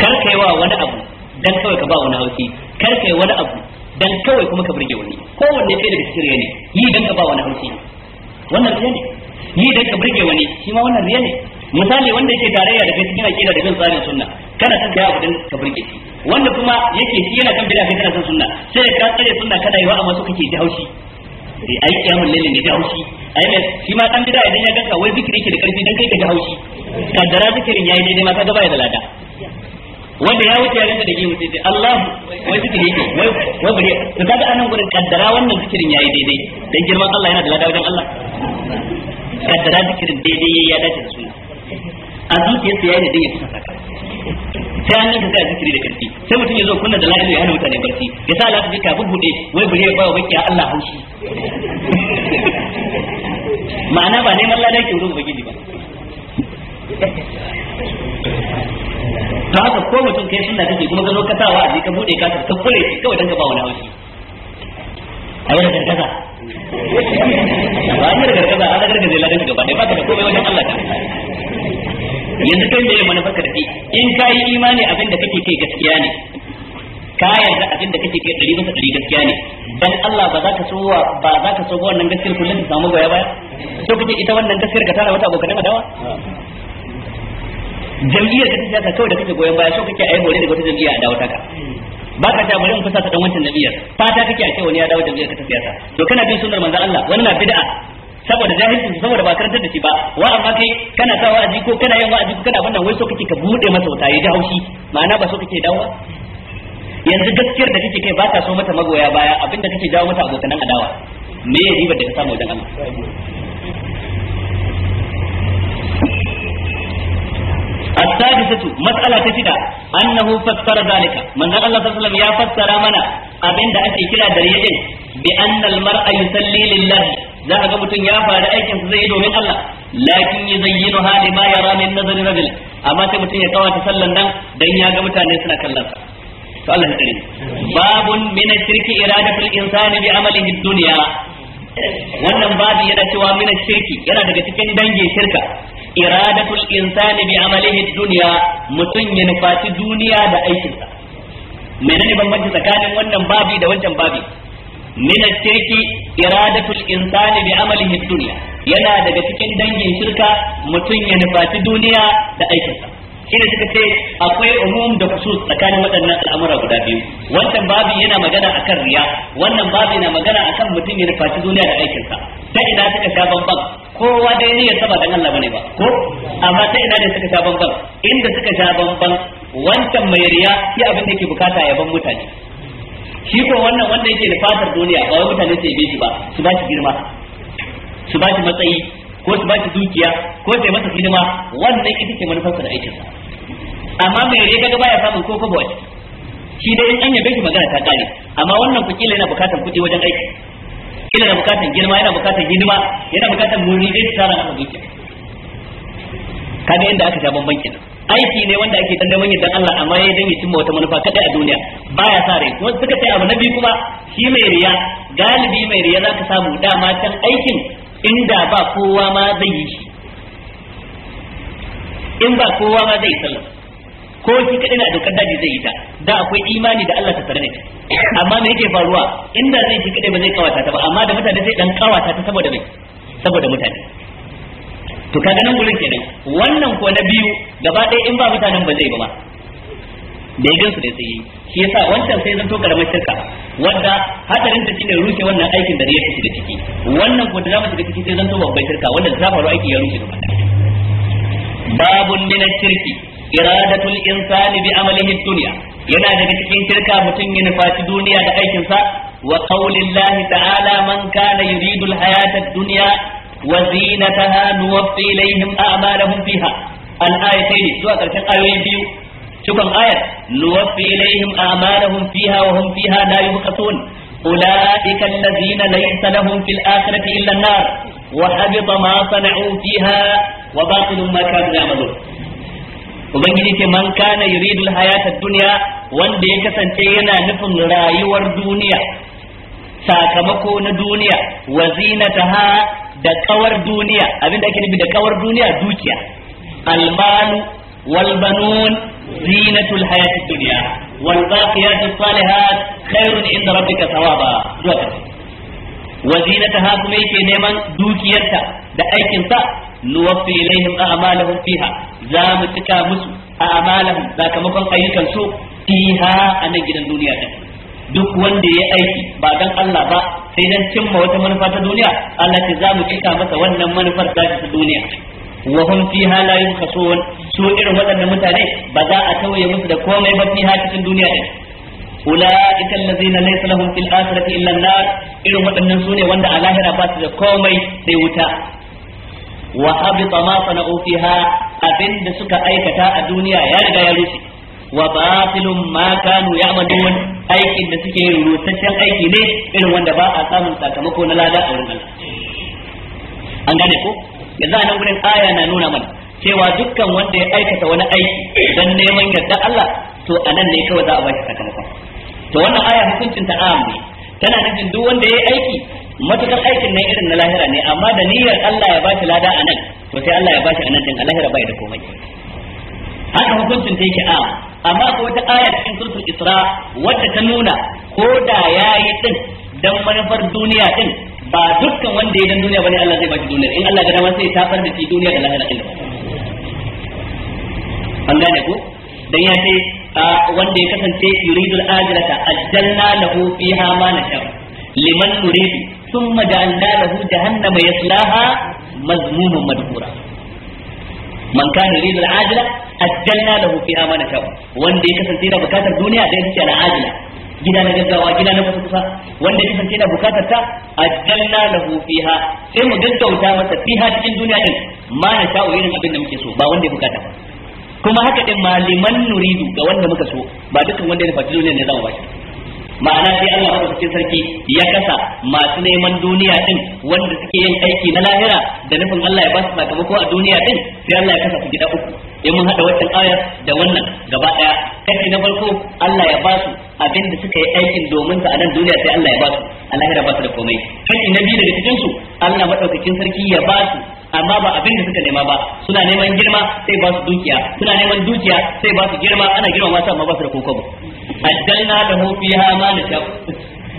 kar kai wa wani abu dan kawai ka ba wani hauki kar kai wani abu dan kawai kuma ka burge wani kowanne sai daga cikin ne yi dan ka ba wani hauki wannan riya ne yi dan ka burge wani shi ma wannan riya ne misali wanda yake tarayya da kai cikin aqida da bin tsarin sunna kana son kai abu dan ka burge shi wanda kuma yake shi yana kan bid'a kai kana son sunna sai ka tsare sunna kana yi wa amma su kake ji haushi sai eh, ai kiyamul lailin ne ji haushi ai ne shi ma dan bid'a idan ya ganka wai zikiri ke da karfi dan kai ka ji haushi kaddara zikirin yayi daidai ma kaga baya da lada wanda ya wuce yayin da yake sai Allah wai zikiri yake wai wai bare to kaga anan gurin kaddara wannan zikirin yayi daidai dan girman Allah yana da lada wajen Allah kaddara zikirin daidai ya dace da sunna a zuciyarsa yayi da dai ya fasa sai hannun ka sai a zikiri da karfi sai mutum ya zo kunna da la'ilu ya hana mutane barci ya sa lafi jika buɗe wai bari ya bawa bakiya Allah haushi ma'ana ba neman ladan ke wurin ubangiji ba ta haka ko mutum kai sunna kake kuma ka zo ka sawa a ka bude ka ka kure shi kawai dan ka ba wani haushi a wani gargaza ba a yi gargaza a gargaza ladan gaba ɗaya ba ka da komai wajen Allah ta yanzu kai me mana baka da in ka yi imani abin da kake kai gaskiya ne ka yarda abin da kake kai ɗari bisa ɗari gaskiya ne dan Allah ba za ka so ba za ka so ga wannan gaskiyar kullum ta samu goya baya so kake ita wannan gaskiyar ka tara wata abokan dawa jam'iyyar da ta ka kawai da kake goyon baya so kake ayi bore daga wata jam'iyya a dawo ka, ba ka ta bari in kusa ta dan wancan jam'iyyar fata kake a ce wani ya dawo jam'iyyar ka ta siyasa to kana bin sunnar manzon Allah wani na bid'a saboda jahilcin su saboda ba karantar da shi ba wa amma kai kana sa wa'azi ko kana yin wa'azi ko kana wannan wai so kake ka bude masa wuta ya ji haushi ma'ana ba so kake dawo yanzu gaskiyar da kake kai ba ta so mata magoya baya abinda kake jawo mata abokan adawa me ya ribar da ka samu wajen Allah السادسة مسألة تشدة أنه فسر ذلك من قال الله صلى الله عليه وسلم يا فسر منا أبين دعسي كلا دريجين بأن المرأة يسلي لله za a ga mutum ya fara aikin sa zai yi domin Allah lakin no hali ma yara min nazarin rajul amma sai mutum ya kawata sallan nan dan ya ga mutane suna kallon sa to Allah ya tsare babun min shirki iradatul insani bi amalihi dunya wannan babu yana cewa min shirki yana daga cikin dange shirka iradatul insani bi amalihi dunya mutum ya nufaci duniya da aikinsa menene bambanci tsakanin wannan babi da wancan babi min shirki iradatul insani bi amalihi dunya yana daga cikin dangin shirka mutum ya nufaci duniya da aikinsa shine suka ce akwai umum da kusur tsakanin waɗannan al'amura guda biyu wancan babu yana magana akan riya wannan babu yana magana akan mutum ya nufaci duniya da aikinsa ta ina suka sha bambam kowa dai niyyar sa ba dan Allah bane ba ko amma ta ina ne suka sha bambam inda suka sha bambam wancan mai riya shi abin da yake bukata ya ban mutane shi ko wannan wanda yake nufatar duniya ba wai mutane sai bi ba su ba shi girma su ba shi matsayi ko su ba shi dukiya ko sai masa hidima wannan ita ce manufarsa da aikinsa amma mai riga ga baya samun ko kobo shi dai an yabe shi magana ta kare amma wannan kila yana bukatar kuɗi wajen aiki kila yana bukatar girma yana bukatar hidima yana bukatar muridai su tara na dukiya kaga inda aka sha bambanci nan aiki ne wanda ake dan daman yadda Allah amma ya dan ya cimma wata manufa kadai a duniya baya sa rai kuma suka ce abu nabi kuma shi mai riya galibi mai riya zaka samu dama can aikin inda ba kowa ma zai yi shi in ba kowa ma zai sallah ko shi kadai na dokar daji zai yi ta da akwai imani da Allah ta tare ne amma me yake faruwa inda zai shi kadai ba zai kawata ta ba amma da mutane sai dan kawata ta saboda mai saboda mutane to kaga nan gurin kenan wannan ko na biyu gaba ɗaya in ba mutanen ba zai ba ba da su da sai shi yasa wancan sai zanto karamar shirka wanda hadarin ta shine ruke wannan aikin da ya shiga ciki wannan ko da zamu shiga ciki sai zanto babbar shirka wanda za faru aiki ya ruke gaba babun min shirki iradatul insani bi amalihi dunya yana daga cikin shirka mutum ya nufaci duniya da aikinsa wa qaulillahi ta'ala man kana yuridu al-hayata dunya وزينتها نوفي إليهم أعمالهم فيها الآيتين سواء كانت آية بيو شكرا آية نوفي إليهم أعمالهم فيها وهم فيها لا يبخسون أولئك الذين ليس لهم في الآخرة إلا النار وحبط ما صنعوا فيها وباطل ما كانوا يعملون ubangiji ce man kana yuridul hayata dunya wanda ya kasance yana nufin rayuwar duniya sakamako na duniya wa zinataha da kawar duniya abinda ake nufi da kawar duniya dukiya almalu wal banun zinatul hayatid dunya wal baqiyatus salihat khairun inda rabbika thawaba zuwa wa zinataha kuma yake neman dukiyarta da aikin sa nuwaffi ilaihim a'malahum fiha za mu cika musu a'malahum sakamakon ayyukan su fiha a nan gidan duniya din duk wanda ya aiki ba dan Allah ba sai dan cimma wata manufa ta duniya Allah ce za mu cika masa wannan manufar ta ta duniya wa hum fiha la yubkhasun su irin waɗannan mutane ba za a tauye musu da komai ba fiha cikin duniya din ulaika allazina laysa lahum fil akhirati illa an-nar irin waɗannan sune wanda a lahira ba su da komai sai wuta wa habita ma sana'u fiha abinda suka aikata a duniya ya riga ya rushe wa batilun ma kanu ya'malun aikin da suke yi rutaccen aiki ne irin wanda ba a samun sakamako na lada a wurin Allah an gane ko yanzu a nan gurin aya na nuna mana cewa dukkan wanda ya aikata wani aiki dan neman yarda Allah to a ne kawai za a bashi sakamako to wannan aya hukuncin ta am ne tana nufin duk wanda ya aiki matukar aikin nan irin na lahira ne amma da niyyar Allah ya bashi lada anan to sai Allah ya bashi a din a lahira bai da komai haka hukuncin ta yake a amma ko wata aya cikin suratul isra wadda ta nuna ko da yayi din dan manufar duniya din ba dukkan wanda ya dan duniya bane Allah zai ba shi duniya in Allah ga dama sai ya tafar da shi duniya da lahira din an gane ko dan ya ce wanda ya kasance yuridul ajrata ajjalna lahu fiha ma nasha liman nuridu thumma ja'alna lahu jahannama yaslaha mazmuman madhura man kana yuridu al-ajila ajjalna lahu fiha ma nasha wanda ya kasance yana bukatar duniya da yake na ajila gida na gaggawa gida na kusa wanda ya kasance yana bukatar ta ajjalna lahu fiha sai mu gaggauta masa fiha cikin duniya din ma nasha irin abin da muke so ba wanda ya bukata kuma haka din maliman nuridu ga wanda muka so ba dukkan wanda ya faɗi duniya ne za mu ma'ana sai Allah ya cikin sarki ya kasa masu neman duniya din wanda suke yin aiki na lahira da nufin Allah ya ba su sakamako a duniya din sai Allah ya kasa su gida uku in mun hada wannan aya da wannan gaba daya kashi na farko Allah ya ba su abin da suka yi aikin domin sa a nan duniya sai Allah ya ba su a lahira ba su da komai kashi na biyu daga cikin su Allah madaukakin sarki ya ba su amma ba abin da suka nema ba suna neman girma sai ba su dukiya suna neman dukiya sai ba su girma ana girma mata amma ba su da ba. addalna da lahu fiha ma ta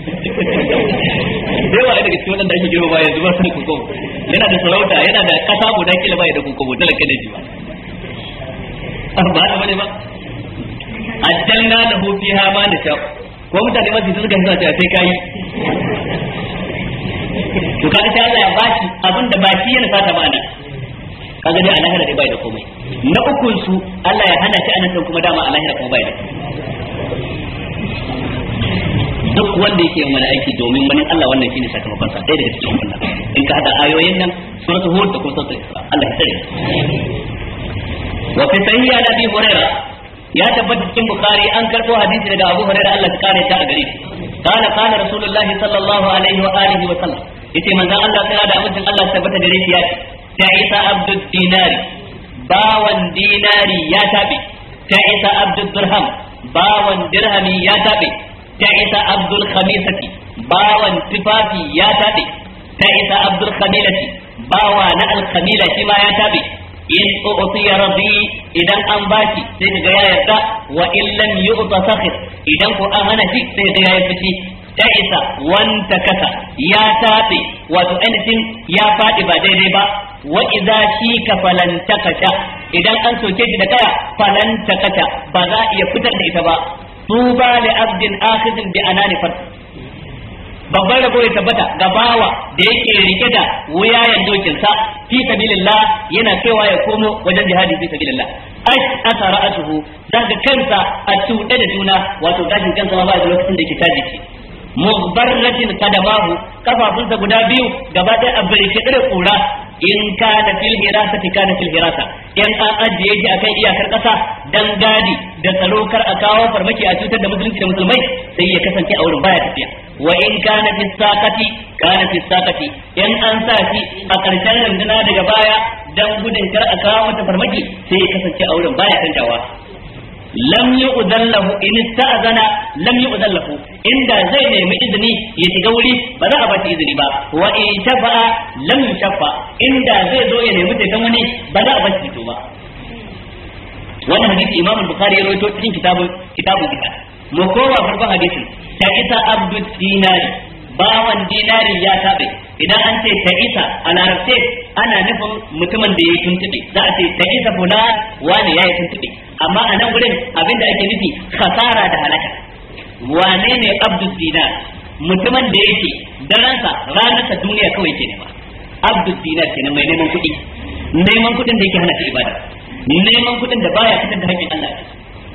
dai wa daga cikin wanda ake girma ba yanzu ba su da koko yana da sarauta yana da kasa guda kila ba ya da kokobo dala kada ji ba ba da ba ba da lahu fiha ma ta ko mutane su suka suna ta sai kai to kaga sai Allah ya bashi abin da baki yana fata ba nan kaga dai alahira dai bai da komai na uku su Allah ya hana shi anan kuma dama alahira kuma bai da duk wanda yake mana aiki domin ganin Allah wannan shine sakamakon sa dai daga cikin wannan in ka hada ayoyin nan suratu hud da kuma suratul isra Allah ya tsare wa fi sahiha da bi hurairah ya tabbata cikin bukhari an karbo hadisi daga abu hurairah Allah ya kare ta a gare shi قال قال رسول الله صلى الله عليه وآله وسلم yace manzon Allah sai da abin Allah tabbata da rashi ya ta isa abdud dinari bawan dinari ya tabe ta isa abdud dirham bawan dirhami ya tabe ta isa abdul khamisati bawan tufafi ya tabe ta isa abdul khamilati bawa na al khamila ma ya tabe in ya rabi idan an baki sai kaga ya yarda wa illan lam yu'ta sakhir idan ko an hana shi sai kaga ya fice ta isa wanta kasa ya tafi wato anything ya fadi ba daidai ba wa idza shi ka falanta kata idan an soke shi da kaya falanta kata ba za a iya fitar da ita ba tuba li abdin akhidin bi anani babban rago ya tabbata ga bawa da yake rike da wuyayen dokinsa fi sabilillah yana cewa ya komo wajen jihadi fi sabilillah ai asara atuhu daga kansa a tuɗe da juna wato gashin kansa ma ba da lokacin da yake taji ki mubarratin kadamahu kafafunsa guda biyu gaba ɗaya a barke da ƙura in kana fil fi kana fil hirasa in an ajiye shi akan iyakar kasa dan gadi da tsaro kar a kawo farmaki a cutar da musulunci da musulmai sai ya kasance a wurin baya tafiya wa in kana fi saqati kana fi saqati in an sa shi a karshen rundunar daga baya dan gudun kar a kawo mata farmaki sai ya kasance a wurin baya canjawa lam yu'dan udallahu in ta'zana lam yu'dan udallahu inda zai nemi izini ya shiga wuri ba za a ba shi izini ba wa in shafa lam shafa, inda zai zo ya nemi taimakon wani ba za a ba shi ba wannan hadisi imam bukhari ya rawaito cikin kitabun kitabun kitab mu kowa farkon hadisin ta isa abdul dinari bawan dinari ya tabe idan an ce ta isa a larabce ana nufin mutumin da ya yi tuntube za a ce ta isa fulan wani ya yi tuntube amma a nan gudun abin da ake nufi kasara da halaka wane ne abdus dinar mutumin da yake daransa ranarsa duniya kawai ke nema abdus dinar kenan mai neman kuɗi neman kuɗin da yake hana ta ibada neman kuɗin da baya fitar da hakkin Allah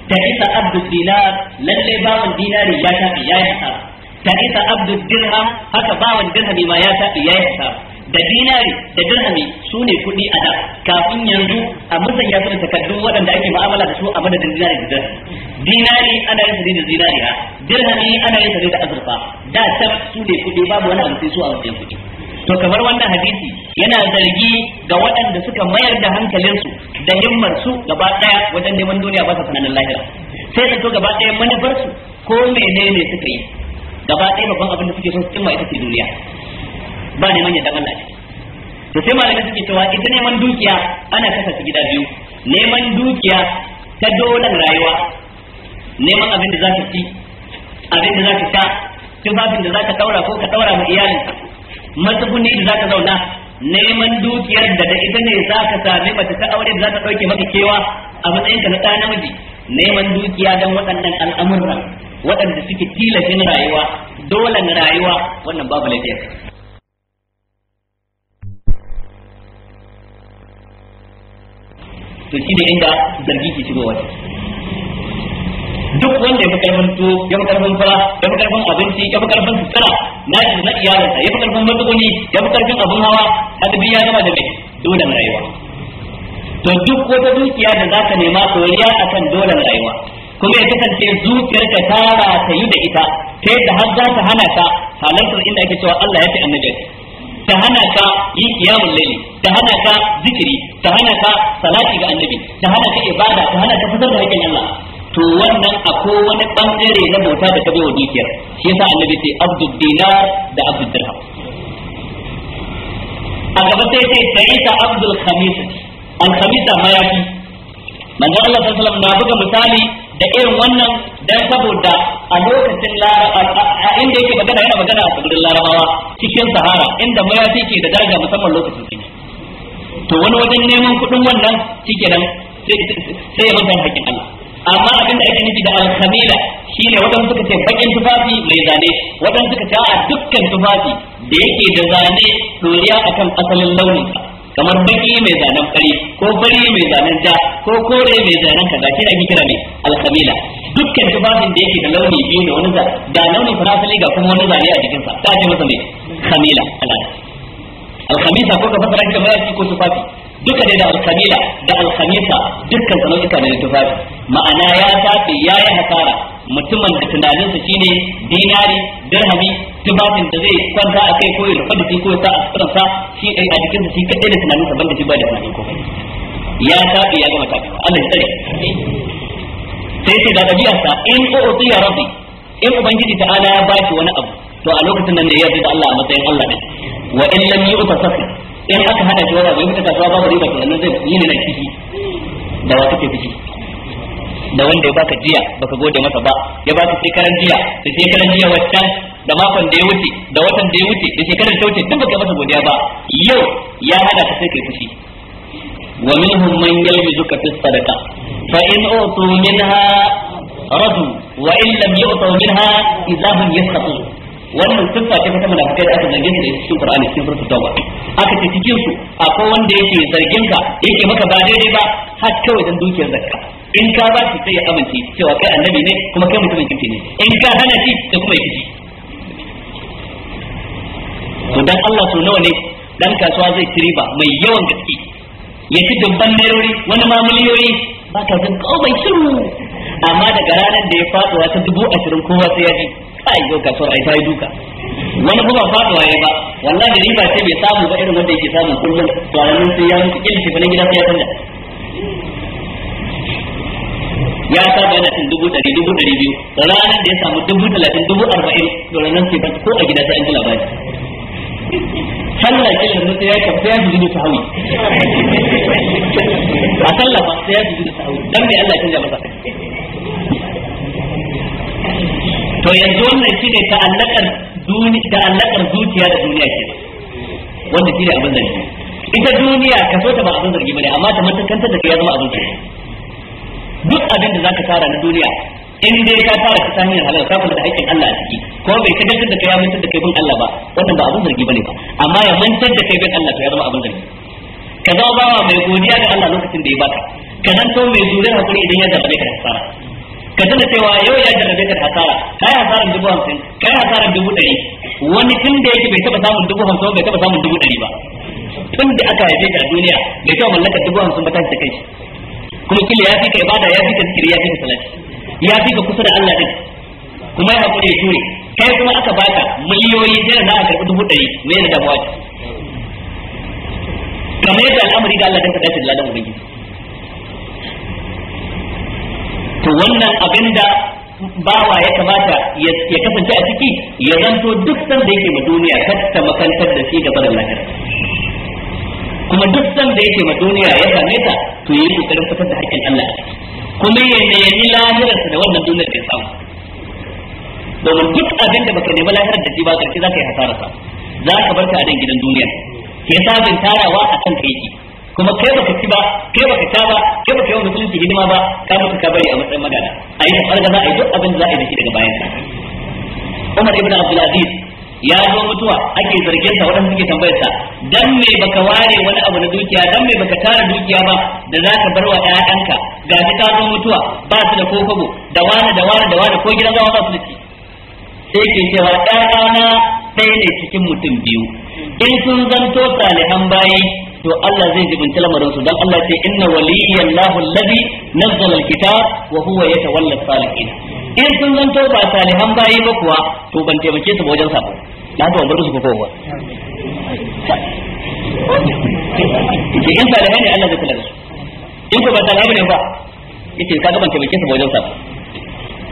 ta isa abdus dinar lalle bawan dinari ya tafi ya yi hasara ta'isa abdul dirham haka bawan dirhami ma ya tafi ya yasa da dinari da dirhami su ne kuɗi a da kafin yanzu a musanya ya da takardun waɗanda ake ma'amala da su a madadin dinari da dirhami dinari ana yin sa da ha dirhami ana yin sa da azurfa da tab su ne kuɗi babu wani abu sai su a wajen kuɗi to kamar wannan hadisi yana zargi ga waɗanda suka mayar da hankalinsu da himmar su gaba ɗaya wajen neman duniya ba sa tunanin lahira sai da to gaba ɗaya manufar su ko menene suka yi gaba ɗaya babban abin da suke son cimma ita ce duniya ba neman yadda Allah ce to sai malamai suke cewa ita neman dukiya ana kasa su gida biyu neman dukiya ta dolan rayuwa neman abin da za ci abin da za sha tufafin da za daura ko ka daura ma iyalinka matsuguni da za zauna neman dukiyar da da ita ne za ka sami mace ta aure da za ta ɗauke maka kewa a matsayinka na ɗa namiji neman dukiya don waɗannan al'amuran waɗanda suke tilafin rayuwa dolan rayuwa wannan babu lafiya to shi ne inda zargi ke shigowa duk wanda ya fi karfin to ya fi karfin fara ya fi karfin abinci ya fi karfin sutura na shi na iyalinsa ya fi karfin matsuguni ya fi karfin abin hawa adabi ya gama da mai dolan rayuwa to duk wata dukiya da za ka nema koriya akan dolan rayuwa kuma ya kasance zuciyarka ta ratayu da ita ta yadda har za ta hana ka halartar inda ake cewa Allah ya fi annabi ta hana ka yi kiyamun laili ta hana ka zikiri ta hana ka salati ga annabi ta hana ka ibada ta hana ka fitar da hakkin Allah to wannan akwai wani bangare na bauta da ta bai wa dukiyar shi yasa annabi sai abdud dinar da abdud dirham a gaba sai sai sai ta abdul khamis al khamisa mayafi manzo Allah sallallahu alaihi wasallam na buga misali da irin wannan dan saboda a lokacin a inda yake magana yana magana a tsibirin larabawa cikin sahara inda mayafi ke da daraja musamman lokacin sanyi to wani wajen neman kuɗin wannan cike nan sai ya hakkin Allah amma abin da ake nufi da alkamila shine wadan suka ce bakin tufafi mai zane wadan suka ce a dukkan tufafi da yake da zane doriya akan asalin launinsa kamar baki mai zanen fari ko fari mai zanen ja ko kore mai zanen kaza kina ki kira ne alkamila dukkan tufafin da yake da launi biyu da wani da launi farafali ga kuma wani zane a jikinsa ta ce masa mai kamila alana alkamisa ko ka fasara ki da ko tufafi duka dai da alkamila da alkamisa dukkan sanau'ika ne tufafi ma'ana ya tafi ya yi hasara mutumin da tunaninsa shine dinari dirhami tubatin da zai kwanta a kai ko ya rufa da shi ko ya sa a suturansa shi a jikinsa shi kaɗai da tunaninsa ban da shi ba da tunanin ko ya tafi ya gama tafi Allah ya tsare sai sai a ɗabi'arsa in o ya rabbi in ubangiji ala ya ba shi wani abu to a lokacin nan ne ya da Allah a matsayin Allah ne wa in lam yu'ta safi in aka hada shi wani abu in ka kasuwa babu riba to zai yi ne na kiki da wata ke fiki da wanda ya baka jiya baka gode masa ba ya baka shekaran jiya da shekaran jiya waccan da makon da ya wuce da watan da ya wuce da shekaran ta wuce duk baka masa godiya ba yau ya hada ka sai kai fushi wa minhum man yalmizuka fi sadaqa fa in utu minha radu wa in lam yu'tu minha idahum yasqatu wannan sifa ce ta munafikai da aka zargin su da cikin Qur'ani cikin suratul Tauba aka ce cikin su akwai wanda yake zargin ka yake maka ba daidai ba har kawai dan dukiyar zakka in ka ba shi sai ya amince cewa kai annabi ne kuma kai mutumin kirki ne in ka hana shi sai kuma ya to dan Allah so nawa ne dan kasuwa zai ci riba mai yawan gaske ya ci dubban nerori wani ma miliyoyi ba ka jin komai shiru amma daga ranar da ya faɗo ta dubu ashirin kowa sai ya ji kai yau kasuwar ai sai duka wani kuma faɗuwa ya ba wallahi riba ce bai samu ba irin wanda yake samu kullum to a sai ya mutu kilfi na gidan sai ya tanda. ya saba yana cin dubu ɗari dubu ɗari biyu ranar da ya samu dubu talatin dubu arba'in to ranar sai ko a gida sai an ji labari sallah kila yanzu sai ya kafa sai ya zubi da sahawi a sallah ba sai ya zubi da sahawi don mai Allah ya canja masa to yanzu wannan shi ne duni ta'allakar zuciya da duniya ke wanda shi ne abin zargi ita duniya kaso ta ba abin zargi ne, amma ta matakanta da ya zama abin zargi duk abin da zaka fara na duniya in dai ka fara ta hanyar halal ka fara da aikin Allah a ciki ko bai ka kadantar da kai ya mantar da kai bin Allah ba wannan ba abun zargi bane ba amma ya mantar da kai bin Allah to ya zama abun zargi ka zama bawa mai godiya ga Allah lokacin da ya baka ka to mai jure hakuri idan ya zarbe ka tsara. ka da cewa yau ya jarrabe ka hasara ka yi hasaran dubu hamsin ka yi hasaran dubu ɗari wani tun da yake bai taɓa samun dubu hamsin bai taɓa samun dubu ɗari ba tun da aka haife ka a duniya bai taba mallakar dubu 50 ba ta kai kuma kila ya fi ka ibada ya fi ka zikiri ya fi ka salati ya fi ka kusa da Allah din kuma ya hakuri ya ture kai kuma aka baka miliyoyi sai na aka karbi dubu dari, me yana damuwa ce kamar yadda al'amari da Allah dan ka dace da ladan ubangiji to wannan abinda bawa ya kamata ya kasance a ciki ya zanto duk sanda yake ma duniya kasta makantar da shi da lahira kuma duk san da yake ma duniya ya same ta to yayi kokarin fitar da haƙƙin Allah kuma ya nemi lahirarsa da wannan duniyar da ya samu domin duk abin da baka nemi lahirar da shi ba karshe zaka yi hasararsa za ka bar ta a nan gidan duniya ke sabin tarawa a kan kai kuma kai baka ci ba kai baka ta ba kai baka yi musulunci hidima ba ka baka ka bari a matsayin magana a yi ta za a yi duk abin da za a yi da shi daga bayan ka Umar ibn Abdul Aziz ya zo mutuwa ake zargin sa waɗanda suke tambayar sa dan me baka ware wani abu na dukiya dan me baka tara dukiya ba da zaka bar wa ƴaƴanka ga ta zo mutuwa ba su da kokobo da wani da wani da wani ko gidan gawa ba su dace sai ke cewa ɗaya ɗaya ne cikin mutum biyu in sun zanto salihan bayi to Allah zai jibinci lamarin su dan Allah ce inna waliyallahu alladhi nazzala alkitab wa huwa yatawalla salihin in sun zanto ba salihan bayi ba kuwa to ban taimake su ba wajen sako na ba bar su ko kowa ke in salihai ne Allah zai kula da su in ko ba salihai ne ba yace kaga ban taimake su ba wajen sako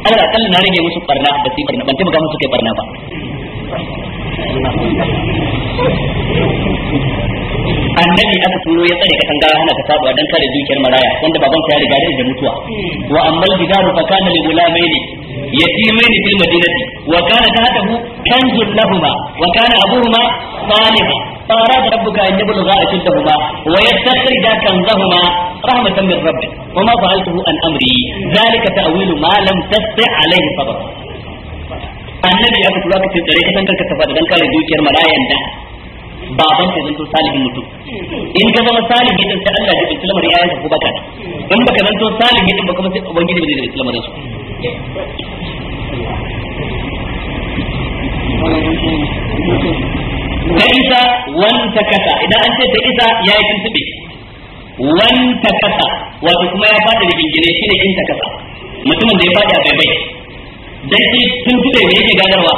Allah akalla na rage musu barna da su na ban taimaka musu kai barna ba annabi aka turo ya tsare katanga ya hana ka sabuwa dan kare dukiyar maraya wanda baban ka ya riga da mutuwa wa ammal bidaru fa kana li gulamaini yatimaini fil madinati wa kana tahtahu kanzun lahumma wa kana abuhuma salihan فأراد ربك أن يبلغ أشدهما ويستخرج كنزهما رحمة من ربك وما فعلته عن أمري ذلك تأويل ما لم تستطع عليه صبرا annabi aka tura ka ce tsare ka san karka tafa da dan kare dukiyar marayan da baban ka zanto salihin mutum in ka zama salihin din sai Allah ya bi lamar ya ka ko baka in baka zanto salihin din ba kuma sai ubangiji bai da lamar su ta isa wanta kasa idan an ce ta isa ya yi tuntube wanta kasa wato kuma ya fada da gingine shine in ta kasa mutumin da ya fada bai bai dan shi sun tuɗe ne yake gadarwa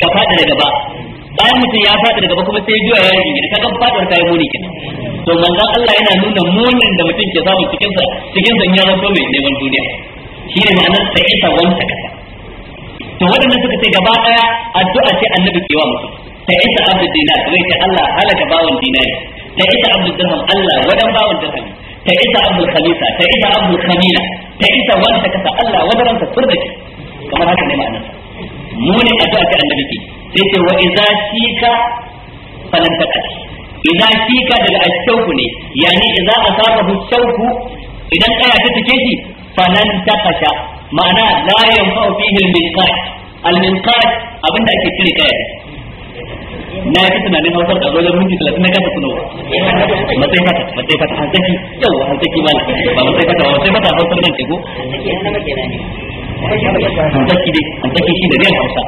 ka faɗi da gaba bayan mutum ya faɗi da gaba kuma sai biya ya yi ka kan faɗar kayan muni kenan to manzon Allah yana nuna munin da mutum ke samu cikin sa cikin sa ya zanto mai neman duniya shi ne ma'anar sai isa wanta kasa to waɗannan suka ce gaba ɗaya addu'a ce annabi ke wa mutum ta isa abdul dinar sai ce Allah halaka bawon dinari ta isa abdul dirham Allah wadan bawon dirhami ta isa abdul Khalisa, ta isa abdul khamina ta isa wanta kasa Allah wadan furda ki kamar haka ne ma'anar a da aka annabi ke sai ce wa idza shika falan taqati idza shika daga ashauku ne yani idza asabahu shauku idan kaya ta take shi falan taqasha ma'ana la yanfa'u fihi al-minqat al-minqat abinda ake cire kaya na yi tunanin hausar da zojen minti talatin na kasa tunowa matsayi fata matsayi fata hankaki yau hankaki ba ba matsayi fata ba matsayi fata hausar nan ce ko zaki dai an zaki shi da biyan hausa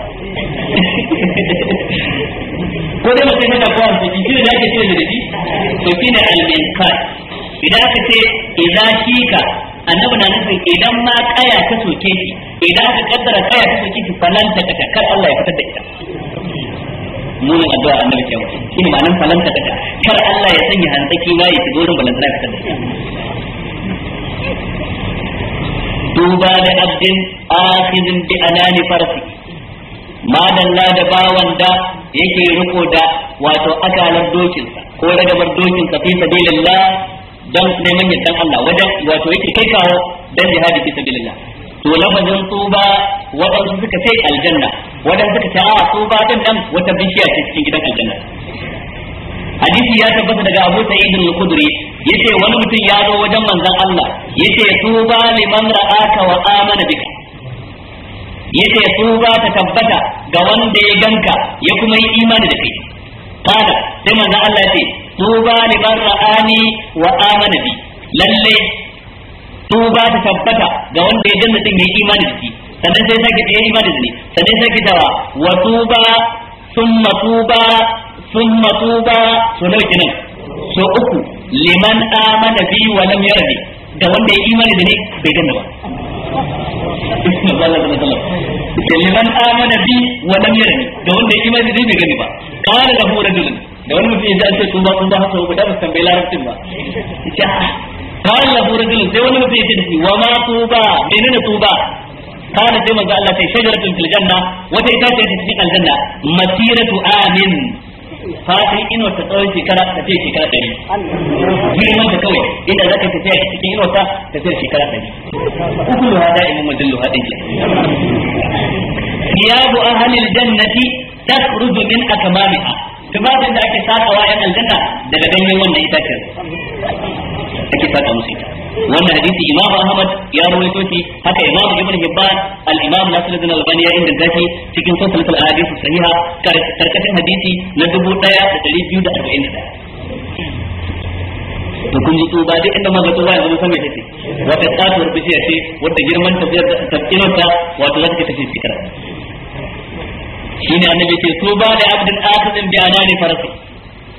ko dai mutum yana kowa zaki shi da ake cewa da shi to shi ne alminkan idan aka ce idan shi ka annabi na nufin idan ma kaya ta soke shi idan aka kaddara kaya ta soke shi falan ta kaka kar Allah ya fitar da ita munin addu'a annabi ke mutum shi ne ma'anar falan ta kaka kar Allah ya sanya hantsaki ma ya shigo wurin balantana ya fitar duba da abdin akhidin bi anani farsi madalla da bawan da yake riko da wato akalar dokinsa ko ragamar dokinsa fi sabilillah dan neman yardan Allah wajen wato yake kai kawo dan jihadi fi sabilillah to lafazin tuba wadansu suka ce aljanna wadansu suka ce a tuba din nan wata bishiya ce cikin gidan aljanna hadisi ya tabbata daga Abu Sa'id al-Khudri yace wani mutum ya zo wajen manzon Allah yace tuba liman ra'aka wa amana bika yace ba ta tabbata ga wanda ya ganka ya kuma yi imani da kai kada sai manzon Allah yace tuba liman ra'ani wa amana bi lalle ba ta tabbata ga wanda ya ganka ya yi imani da kai sannan sai sake ta imani da ni sannan sai sake ta wa ba summa ba? thumma tuba so nawa kenan so uku liman amana bi wa lam yardi da wanda ya imani da ne bai ganna ba da liman amana bi wa lam yardi da wanda ya imani da ne bai ganni ba qala lahu rajulun da wani mutum ya ji an ce tuba tuba haka ba da ba san bai larabcin ba قال له رجل sai wani mutum yace dashi wa ma tuba menene tuba kana sai manzo Allah sai shajaratun fil janna wata ita ce cikin aljanna masiratu amin fatan inuwar ta tsawon shekara ta ce shekara ɗari girman ta kawai inda za ka tafiya cikin inuwar ta ta ce shekara ɗari da hada imu madallu hadin ke siyabu ahalil jannati rudu min a tufafin da ake sakawa yan aljanna daga ganyen wannan itacen ake saka musu ita wannan hadisi imam ahmad ya rawaito shi haka imam ibn hibban al imam nasiruddin albani ya inganta shi cikin sunan al ahadith sahiha karkashin hadisi na 1241 to kun ji tuba duk inda maza tuba ya san me take wata katuwar bishiya ce wanda girman tafiyar ta wato za ta tafi shekara shine annabi ce tuba da abdul akadin bi anani farasi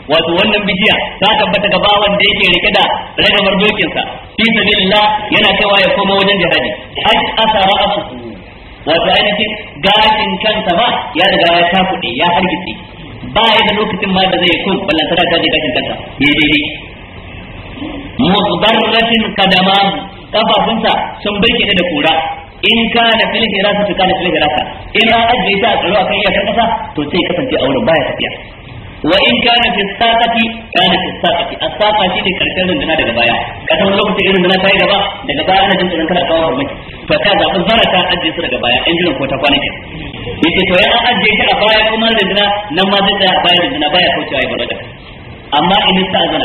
wato wannan bijiya ta tabbata ga bawan da yake rike da ragamar dokinsa fi sabilillah yana kaiwa ya koma wajen jihadi ai asara asu wato ainihin gashin kansa ba ya riga ya kudi ya hargitse ba ya da lokacin ma da zai kun ko da ta je gashin kansa ya daidai muzbarratin kadama kafafunsa sun barke da kura in ka na hirasa kana fil hirasa in an ajiye ta a tsaro akan iyakar kasa to sai kasance a wurin baya tafiya wa in kana fi saqati kana fi saqati as shi ne karshen runduna daga baya ka san lokacin irin runduna ta yi gaba daga baya ana jin tsoron kada kawo miki. to ka zaɓi zara ta ajiye su daga baya injinan ko ta ke yace to ya ajiye shi a baya kuma runduna nan ma zai tsaya a baya runduna baya kaucewa ya barada amma in zana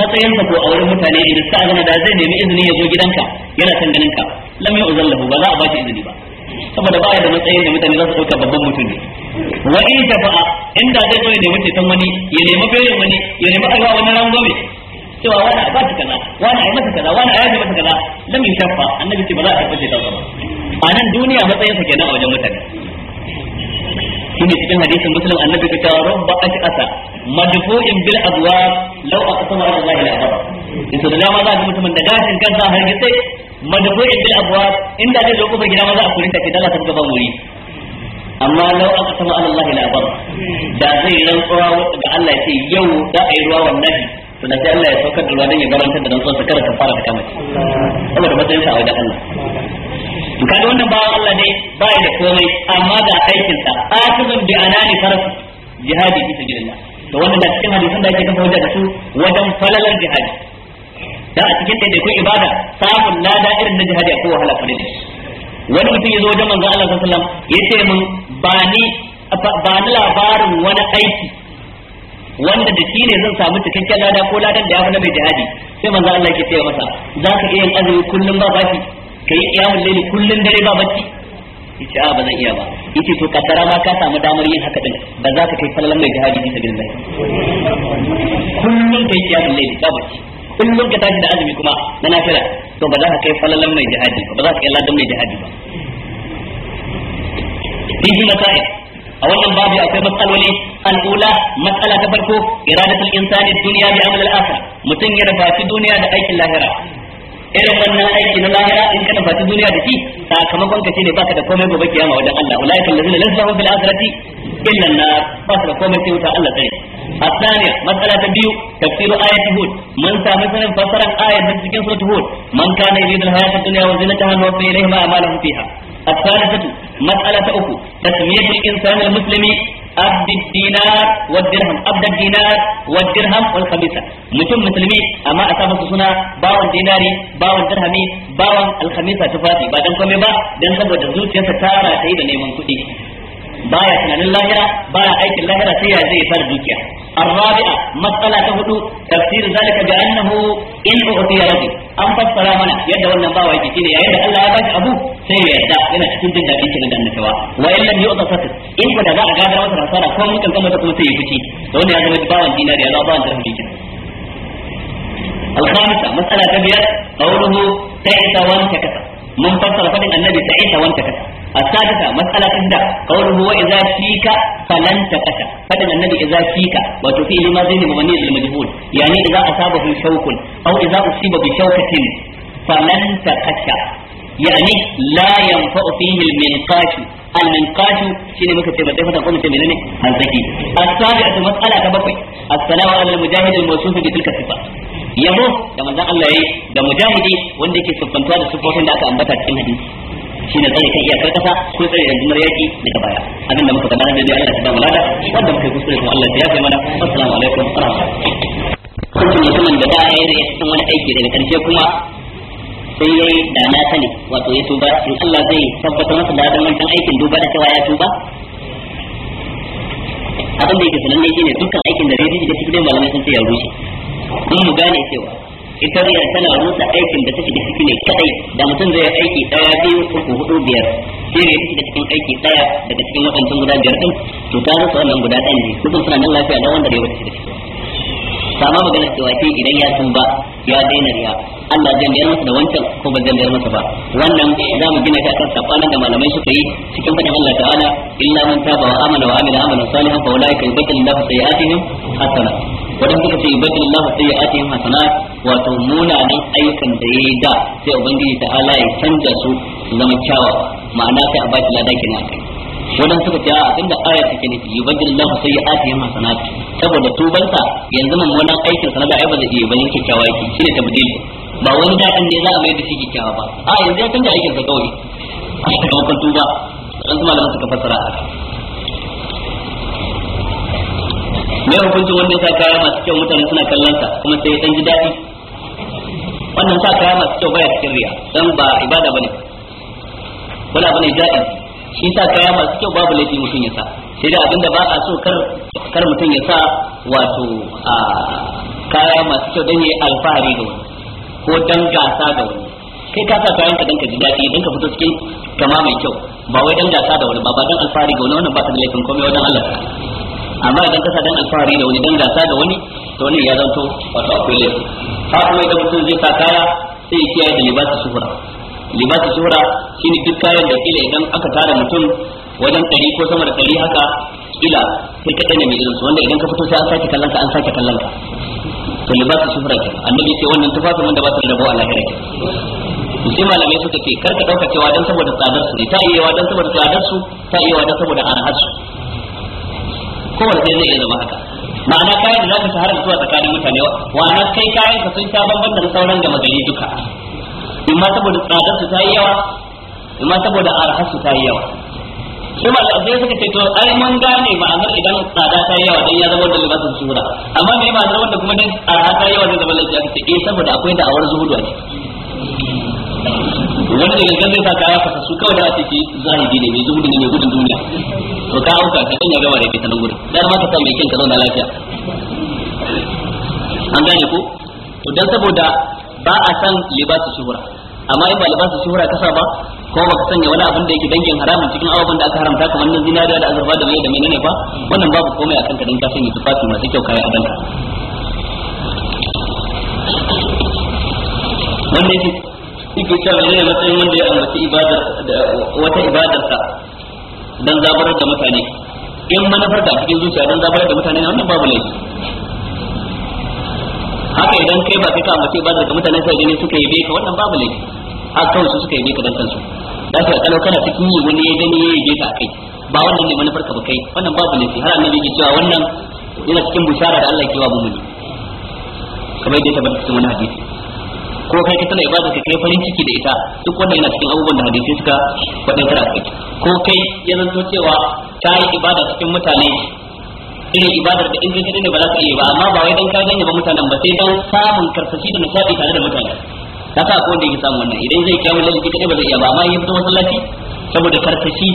matsayinsa ko a wurin mutane in zana da zai nemi izini ya zo gidanka yana san ganinka lam yu'zallahu ba za a ba izini ba saboda baya da matsayin da mutane za su ɗauka babban mutum ne wa in shafa'a inda zai zo ya nemi ceton wani ya nemi bayan wani ya nemi aiwa wani rangwame cewa wani a bashi kaza wani a yi masa kaza wani a yaji masa kaza lam yushafa annabi ce ba za a ce ta ba a nan duniya matsayin sa kenan a wajen mutane shine cikin hadisin muslim annabi ka cewa rubba asa madfu'in bil abwab law aqsama ala allahi la abara yato da ma za ka mutumin da gashin kansa har gitsai madafu idil abwa inda zai zo kofar gida za a kurin take dala ta gaba muri amma law aka sama Allah la bar da zai rantsuwa ga Allah ya ce yau za a yi ruwa wannan to da sai Allah ya saukar da ruwa don ya garantar da rantsuwa kada ta fara ta kama saboda matsayin sa a wajen Allah to kaga wannan bawan Allah dai ba da komai amma da aikin sa asibun bi anani faras jihadi fi sabilillah to wannan da cikin hadisin da ake kafa wajen da su wajen falalar jihadi da a cikin kai ibada samun lada irin na jihadi ko wahala kwarai wani mutum ya zo wajen manzo Allah sallallahu alaihi wasallam ya ce min ba ni ba ni labarin wani aiki wanda da shi ne zan samu cikakken lada ko ladan da ya fi na mai jihadi sai manzo Allah ke ce masa za ka iya yin azumi kullum ba baki kai kiyamul layli kullum dare ba bacci yace a ba zan iya ba yace to kaddara ma ka samu damar yin haka din ba za ka kai sallan mai jihadi bisa Allah kullum kai kiyamul layli ba bacci kullum ka tashi da azumi kuma na nafila to ba za ka kai falalan mai jihadi ba ba za ka kai ladan mai jihadi ba fihi masail a wannan babu akwai matsaloli al'ula matsala ta farko iradatul insani duniya bi amal al-akhir mutum ya rafaci duniya da aikin lahira irin wannan aiki na lahira in ka tafi duniya da shi sakamakon ka shine baka da komai gobe kiyama wajen Allah ulaika allazina lam yahum fil akhirati illa an-nar ba su da komai sai wuta Allah tsare الثانية مسألة بيو تفسير آية هود من كان مثلا فسر آية من سكين سورة هود من كان يريد الحياة الدنيا وزينتها نوفي إليهم أعمالهم فيها الثالثة مسألة أخو تسمية الإنسان المسلم عبد الدينار والدرهم عبد الدينار والدرهم والخميسة مثل مسلمي أما أسامة سنة باو الدينار باو الدرهم باو الخميسة تفاتي بعد أن با دن سبو دزوت يستارا سيدا نيمان كتي baya tunanin lahira baya aikin lahira sai ya zai fara dukiya الرابعة مسألة تهدو تفسير ذلك بأنه إن أعطي رجل أم فسر منا يد والنباوة يتكيني يد الله يباك أبو سيئ يد إلا تكون جدا في كنا جنة سوا وإن لم يؤطى فتر إن كنا ذا أقادر وصر حصارة كون ممكن كما تكون سيئ سيفتي لون هذا مجباوا ديناري الله أبان درهم بيجن الخامسة مسألة تبير قوله تعيس وانتكسر من فسر فإن النبي تعيس وانتكسر السادسة مسألة الدع قوله وإذا فيك فلن تكسى فدن النبي إذا فيك وتفيه لما زين مغني للمجهول يعني إذا أصابه شوك أو إذا أصيب بشوكة فلن تكسى يعني لا ينفع فيه المنقاش المنقاش شنو ممكن تبقى تبقى تقوم تبقى لنا هنسكي السابعة مسألة تبقى السلام على المجاهد الموصوف بتلك الصفات yabo da manzon Allah yayi da mujahidi wanda yake sufanta da sufofin da aka ambata cikin hadisi shine tsare kan iyakar kasa ko tsare rundunar yaki daga baya abinda muka faɗa da Allah ta bamu lada wanda muka kuskure kuma Allah ya kai mana assalamu alaikum wa rahmatullahi kun mutumin da ba ya yi cikin wani aiki daga karshe kuma sai yayi da na sani wato ya tuba in Allah zai tabbatar masa da dan wancan aikin duba da cewa ya tuba abin da yake sanan ne shine dukkan aikin da zai yi da cikin malamai sun ce ya rushe mun mu gane cewa ita riya tana rusa aikin da take da ciki ne kadai da mutum zai aiki daya biyu uku hudu biyar sai ne take da cikin aiki daya daga cikin wadannan guda biyar din to ta rusa wannan guda ɗaya ne mutum suna nan lafiya da wanda da ya wata ciki ba ma magana cewa sai idan ya ba ya daina riya Allah zai mayar masa da wancan ko ba zai mayar masa ba wannan za mu gina ta kan sabanin da malamai suka yi cikin fadin Allah ta'ala illa man taba wa amana wa amila amalan salihan fa ulaika yubaddilu lahu sayi'atihim hasana wadanda suka ce yubaddilu lahu sayi'atihim hasana wato munanan ayyukan da yayi da sai ubangiji ta'ala ya canja su zama kyawawa ma'ana sai a baki lada kenan akai wannan suka ce a da aya take nufi yubaddilu Allahu sayyi'atihim hasanat saboda tubanta yanzu nan wannan aikin sa na da ai ba zai iya bane kyakkyawa yake shine tabdil ba wani daɗin ne za a mai da shi kyakkyawa ba a yanzu ya canza aikin sa kawai a sakamakon tuba an kuma ka suka fassara mai hukuncin wanda ya sa kaya masu kyau mutane suna kallon sa kuma sai ya dan ji daɗi wannan sa kaya masu kyau baya cikin riya dan ba ibada bane wala bane jaɗi shi sa kaya masu kyau babu laifi mutum ya sa sai da abinda ba a so kar kar mutum ya sa wato a kaya masu kyau dan yi alfahari da wani ko dan gasa da wani kai ka sa kayan ka dan ka ji daɗi dan ka fito cikin kama mai kyau ba wai dan gasa da wani ba ba dan alfahari ga wani wannan ba ta da laifin komai wajen Allah amma idan ka sa dan alfahari da wani dan gasa da wani to wannan ya zanto wato akwai laifi ha kuma idan mutum zai sa kaya sai ya kiyaye da libasa shuhura libasu shi shine duk kayan da kila idan aka tara mutum wajen ɗari ko sama da ɗari haka kila sai ka ne mai irinsu wanda idan ka fito sai an sake kallon ka an sake kallon ka to libasu shura ke annabi ce wannan tufafin wanda ba su da rabo a lahira ke to sai malamai suka ce karka ɗauka cewa dan saboda tsadar su ne ta iya wa dan saboda tsadar su ta iya wa dan saboda arhar su kowane sai zai iya zama haka ma'ana kayan da za ka shahara da zuwa tsakanin mutane wa'ana kai kayan ka sun sha bambam da sauran da magani duka in ma saboda tsadar su ta yi yawa in ma saboda arhar su ta yi yawa sai ma sai suka ce to ai mun gane ma'anar idan tsada ta yi yawa dan ya zama da libasin sura amma me ma'anar wanda kuma dan arha ta yi yawa zai zama lafiya kace eh saboda akwai da awar zuhudu a ciki wanda da gangan sa kaya fasa su kawai da a ciki zahidi ne mai zuhudu ne mai gudun duniya to ka auka ka dan ya gama da ta nan gurin ma ka sa mai kyan ka zauna lafiya an gane ko to dan saboda ba a san libasu shuhura amma in ba libasu shuhura ka sa ba ko ba ka sanya wani abin da yake dangin haramun cikin abubuwan da aka haramta kamar nan zinariya da azurfa da mai da menene ba wannan babu komai a kanka dan ka sanya tufafi masu kyau kayan adanka wanda yake yake cewa menene matsayin wanda ya ambaci ibadar wata ibadarsa dan zabarar da mutane in manufar da cikin zuciya dan zabarar da mutane wannan babu laifi kawai idan kai ba kai ka mace ba daga mutanen sai ne suka yi beka wannan babu ne a kawai su suka yi beka dan kansu da ka kana kana cikin yi wani ya gani yi beka kai ba wannan ne manufar ka ba kai wannan babu laifi har annabi yake cewa wannan yana cikin bushara da Allah ke ba mu ne kamar yadda ya tabbata cikin wani hadisi ko kai ka tana ibada ka kai farin ciki da ita duk wannan yana cikin abubuwan da hadisi suka faɗa kara kai ko kai yana zanto cewa ta yi ibada cikin mutane irin ibadar da in ne ba za ka iya ba amma ba wai dan ka ganye ba mutanen ba sai dan samun karsashi da nishadi tare da mutane haka ko da yake samu wannan idan zai da lalle kadai ba zai iya ba amma ya fito masallaci saboda karsashi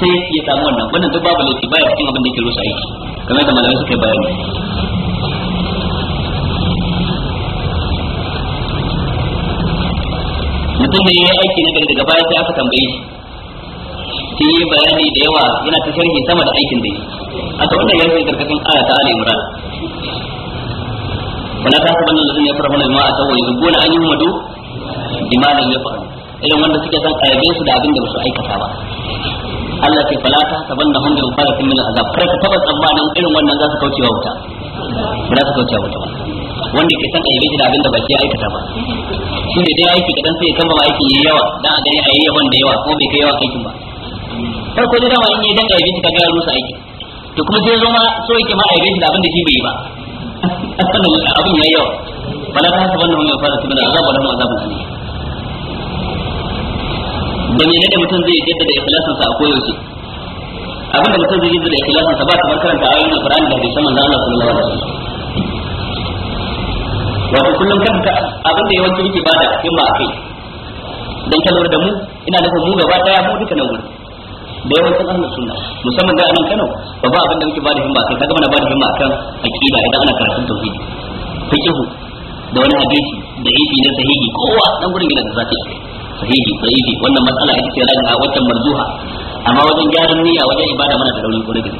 sai ya samu wannan wannan duk babu laifi baya cikin abin da yake rusa aiki kamar da malamai suka bayani mutum da ya yi aiki na daga baya sai aka tambaye shi sai yi bayani da yawa yana ta sharhi sama da aikin da yi aka wannan ya rubuta karkashin aya ta Ali Imran wala ta saban alladhina yafrahuna bima atawu yuhibbuna an yuhmadu imanin ya fara irin wanda suke san ayabe su da abin da ba su aikata ba Allah ce fala ta saban da hundun faratin min azab kar ka taba tsammanin irin wannan za su kaucewa wuta ba za su kaucewa wuta ba wanda ke san ayyabi da abin da ba ke aikata ba shi ne dai aiki kadan sai ya kamba aiki yayi yawa dan a gani a yawan da yawa ko bai kai yawa aikin ba farko da dama in yi danga ya ka gaya rusa aiki to kuma sai zo ma so yake ma a yi da abin da shi bai yi ba asalin abin yi yawa bala ta haka wannan ya fara tibina azabu wani azabun ne da me da mutum zai jaddada ikhlasin sa a koyaushe abin da mutum zai yi ikhlasin sa ba kamar karanta ayoyin alqur'ani da hadisan manzo Allah sallallahu alaihi wasallam wato kullum kanka abin da yawanci yake bada himma kai dan kalmar da mu ina nufin mu gaba daya mu duka nan gurin da yawancin ahlus sunna musamman da anan Kano ba ba abin da muke bada himma kai kaga mana bada himma akan aqida idan ana karatun tauhidi fiqhu da wani hadisi da ifi da sahihi kowa dan gurin gidan da zaka sahihi sahihi wannan matsala ita ce rajin a wata marzuha amma wajen gyaran niyya wajen ibada mana da rauni gurin gidan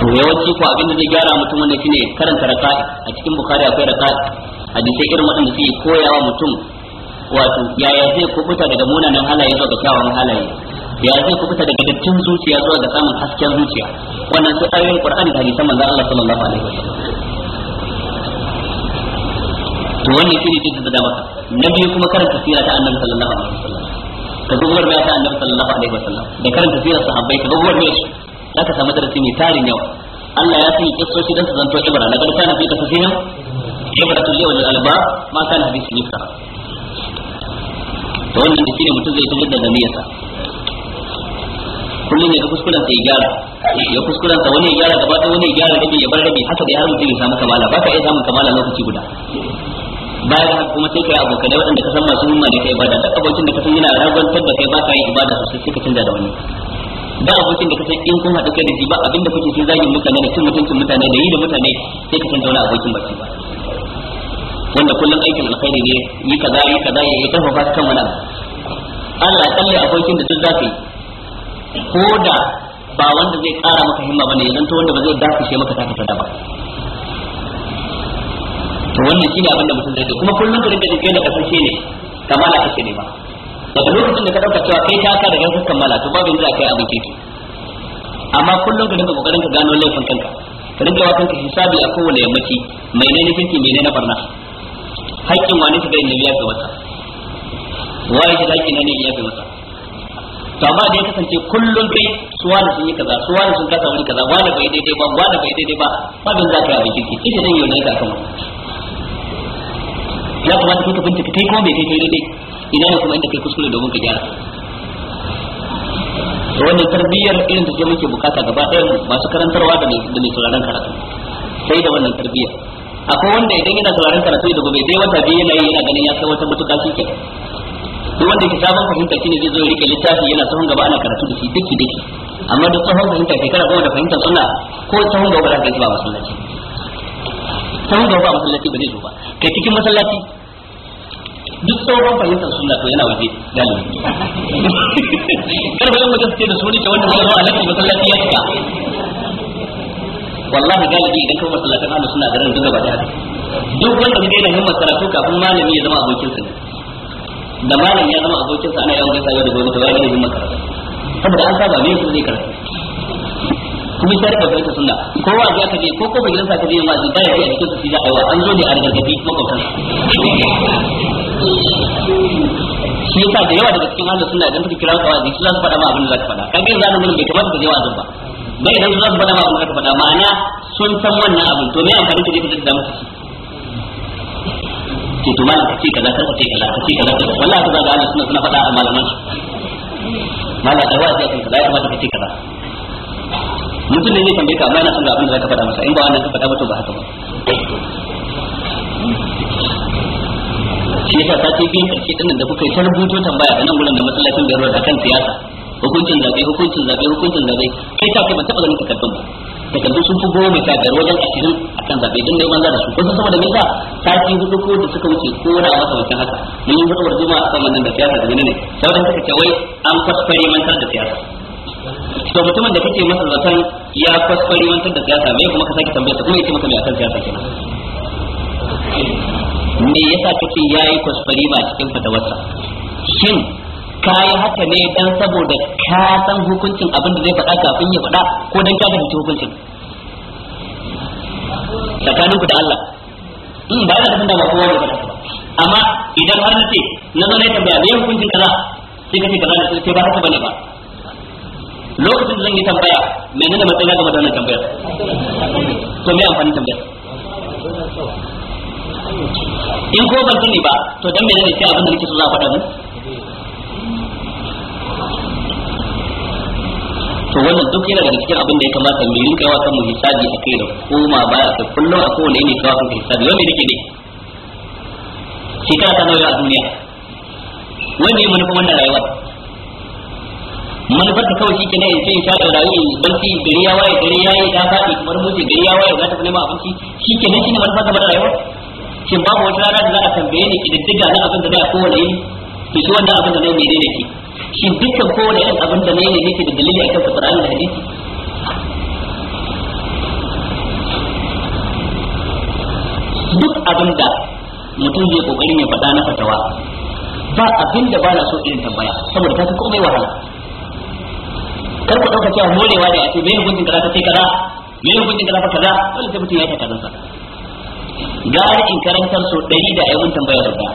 to yawanci ko abin da zai gyara mutum wannan shine karanta raka'i a cikin bukhari akwai raka'i hadisai irin waɗanda suke koyawa mutum wato yaya zai kubuta daga munanan halaye zuwa ga kyawun halaye ya zai kubuta daga dattin zuciya zuwa ga samun hasken zuciya wannan sai ayoyin qur'ani da hadisan manzon Allah sallallahu alaihi wasallam to wannan ne jidda da dama na biyu kuma karanta sira ta annabi sallallahu alaihi wasallam ka ga uwar ta annabi sallallahu alaihi wasallam da karanta sirar sahabbai ka ga uwar ne su zaka samu darasi mai tarin yau Allah ya sanya kissoshi dan su zanto ibra na garka na fi tafsirin ibratul yawm al-alba ma kana hadisi yusra to wannan da shine mutum zai tabbatar da niyyarsa kullum ya kuskuren sai gyara ya kuskuren sa wani ya gyara gaba ɗaya wani ya gyara rabi ya bar rabi haka dai har mutum ya samu kamala ba ka iya samun kamala lokaci guda baya da haka kuma sai kai dai waɗanda ka san masu himma da kai ibada da abokin da ka san yana ragantar da kai ba ka yi ibada sosai sai ka canza da wani da abokin da ka san in kun haɗu kai da shi ba abinda kuke sai zagin mutane da cin mutuncin mutane da yi da mutane sai ka canza wani abokin baki ba wanda kullum aikin alkhairi ne yi kaza yi kaza ya yi kafa fasikan wani Allah ya a abokin da duk zafi ko da ba wanda zai kara maka himma bane ya zanto wanda ba zai dafishe maka taka ta ba to wannan shine abin da mutum zai kuma kullum ka rinka jin kai da shi ne kamala kake ne ba daga lokacin da ka dauka cewa kai ta ka da fuskan mala to babu inda kai abin kirki amma kullum ka rinka kokarin ka gano laifin kanka ka rinka wa kanka hisabi a kowane yammaci mai na kirki mai ne na barna haƙƙin wani shiga annabi ya ga masa wani shiga haƙƙin ne ya fi masa to amma dai kasance kullum dai su wani sun yi kaza su wani sun kasa wani kaza wani bai daidai ba wani bai daidai ba fadin za ka yi abin kirki ita zan yi wani ka kama ya kamata ta ka bincika kai kuma bai kai kai daidai ina ne kuma inda kai kuskure domin ka gyara to wannan tarbiyyar irin da ke muke bukata gaba ɗaya masu karantarwa da mai sauraron karatu sai da wannan tarbiyyar akwai wanda idan yana sauraron karatu da gobe sai wata biyu yana yi yana ganin ya kai wata mutuka shi ke duk wanda ke sabon fahimta ne zai zo ya rike littafi yana tsohon gaba ana karatu da shi duki duki amma duk tsohon fahimta shekara goma da fahimtar suna ko tsohon gaba da ba masallaci tsohon gaba masallaci ba zai zo ba kai cikin masallaci duk tsohon fahimtar suna to yana waje galibi kar ba mutum ce da su ne wanda zai zo a lakin masallaci ya wallahi galibi idan kuma masallatan suna sunna garin duka ba daya duk wanda kaga da himmar karatu kafin malami ya zama abokin sa da malam ya zama abokin sa ana yawan gaisa da gobe to wani himmar karatu saboda an saba me yasa zai karatu kuma shi da bai ta sunna wa ga ka je ko ko bai sa ka je ma zai bayar a cikin su da aiwa an zo ne a gargadi makwabtan shi yasa da yawa daga cikin ahlus sunna idan kuka kira ka wa zai za su faɗa ma abin da zaka ka faɗa kaga yanzu anan mun bai kamata ka je wa ba dan idan su za su ba ma abin da ma'ana sun san wannan abin to me amfani ka je ka da musu to to malam kace kaza kar kace kaza kace kaza wallahi ka ga Allah suna suna faɗa a malaman su malam da wa'azi akan kaza ya mata kace kaza mutum ne zai tambaye ka amma yana son ga abin da zaka fada masa in ba wannan ka fada ba to ba haka ba shi yasa ce biyun karshe din da kuka yi ta rubuto tambaya a nan gurin da masallacin Beirut kan siyasa hukuncin zabe hukuncin zabe hukuncin zabe kai ta kai ban taba ganin takardun ba takardun sun fi goma ta da wajen ashirin a kan zaɓe don neman yawan da su kusa sama da nisa sati hudu ko da suka wuce ko na wata wancan haka mun yi hudu juma a kan wannan da siyasa da ne sau da suka ce wai an kwaskwari mantar da siyasa to mutumin da kake masa zaton ya kwaskwari mantar da siyasa me kuma ka sake tambayar sa kuma yake maka me akan siyasa kenan me yasa kake yayi kwaskwari ba cikin fatawarsa shin ka yi haka ne dan saboda ka san hukuncin abin da zai faɗa kafin ya faɗa ko dan ka fahimci hukuncin tsakaninku da Allah in hmm, ba yana da ba kowa ne ba amma idan har nace na zo na tambaya me hukuncin kaza sai kace kaza sai sai ba haka bane ba lokacin da zan yi tambaya menene matsala game da wannan tambayar to me amfani tambayar in ko ban sani ba to dan menene sai abin da nake so za a faɗa mun to wannan duk yana daga cikin abin da ya kamata mu rinka yawa kan mu hisabi a kai da koma ba sai kullum a kowane ne kawo kan hisabi wanda yake ne shi ka ta nauyi a duniya wanda ya manufa wannan rayuwar manufar ta kawai shike na in ce in sha da rayu barci gari ya waye gari ya yi ta fadi kamar mutum gari ya waye za ta nema abinci shike ne shine manufar ta bar rayuwar shin babu wata rana da za a tambaye ni kididdiga na abin da za a kowane yi to shi wanda abin da zai ne shi shin dukkan kowane irin abin da na yi ne nake da dalili akan sa Qur'ani da hadisi duk abin da mutum zai kokari ya faɗa na fatawa ba abin da ba na so irin tambaya saboda ta fi komai wahala kar ku dauka cewa morewa ne a ce me hukuncin kaza ta ce kaza mai hukuncin kaza fa kaza dole sai mutum ya taka sa Gari in karantar so ɗari da ayyukan tambaya da ba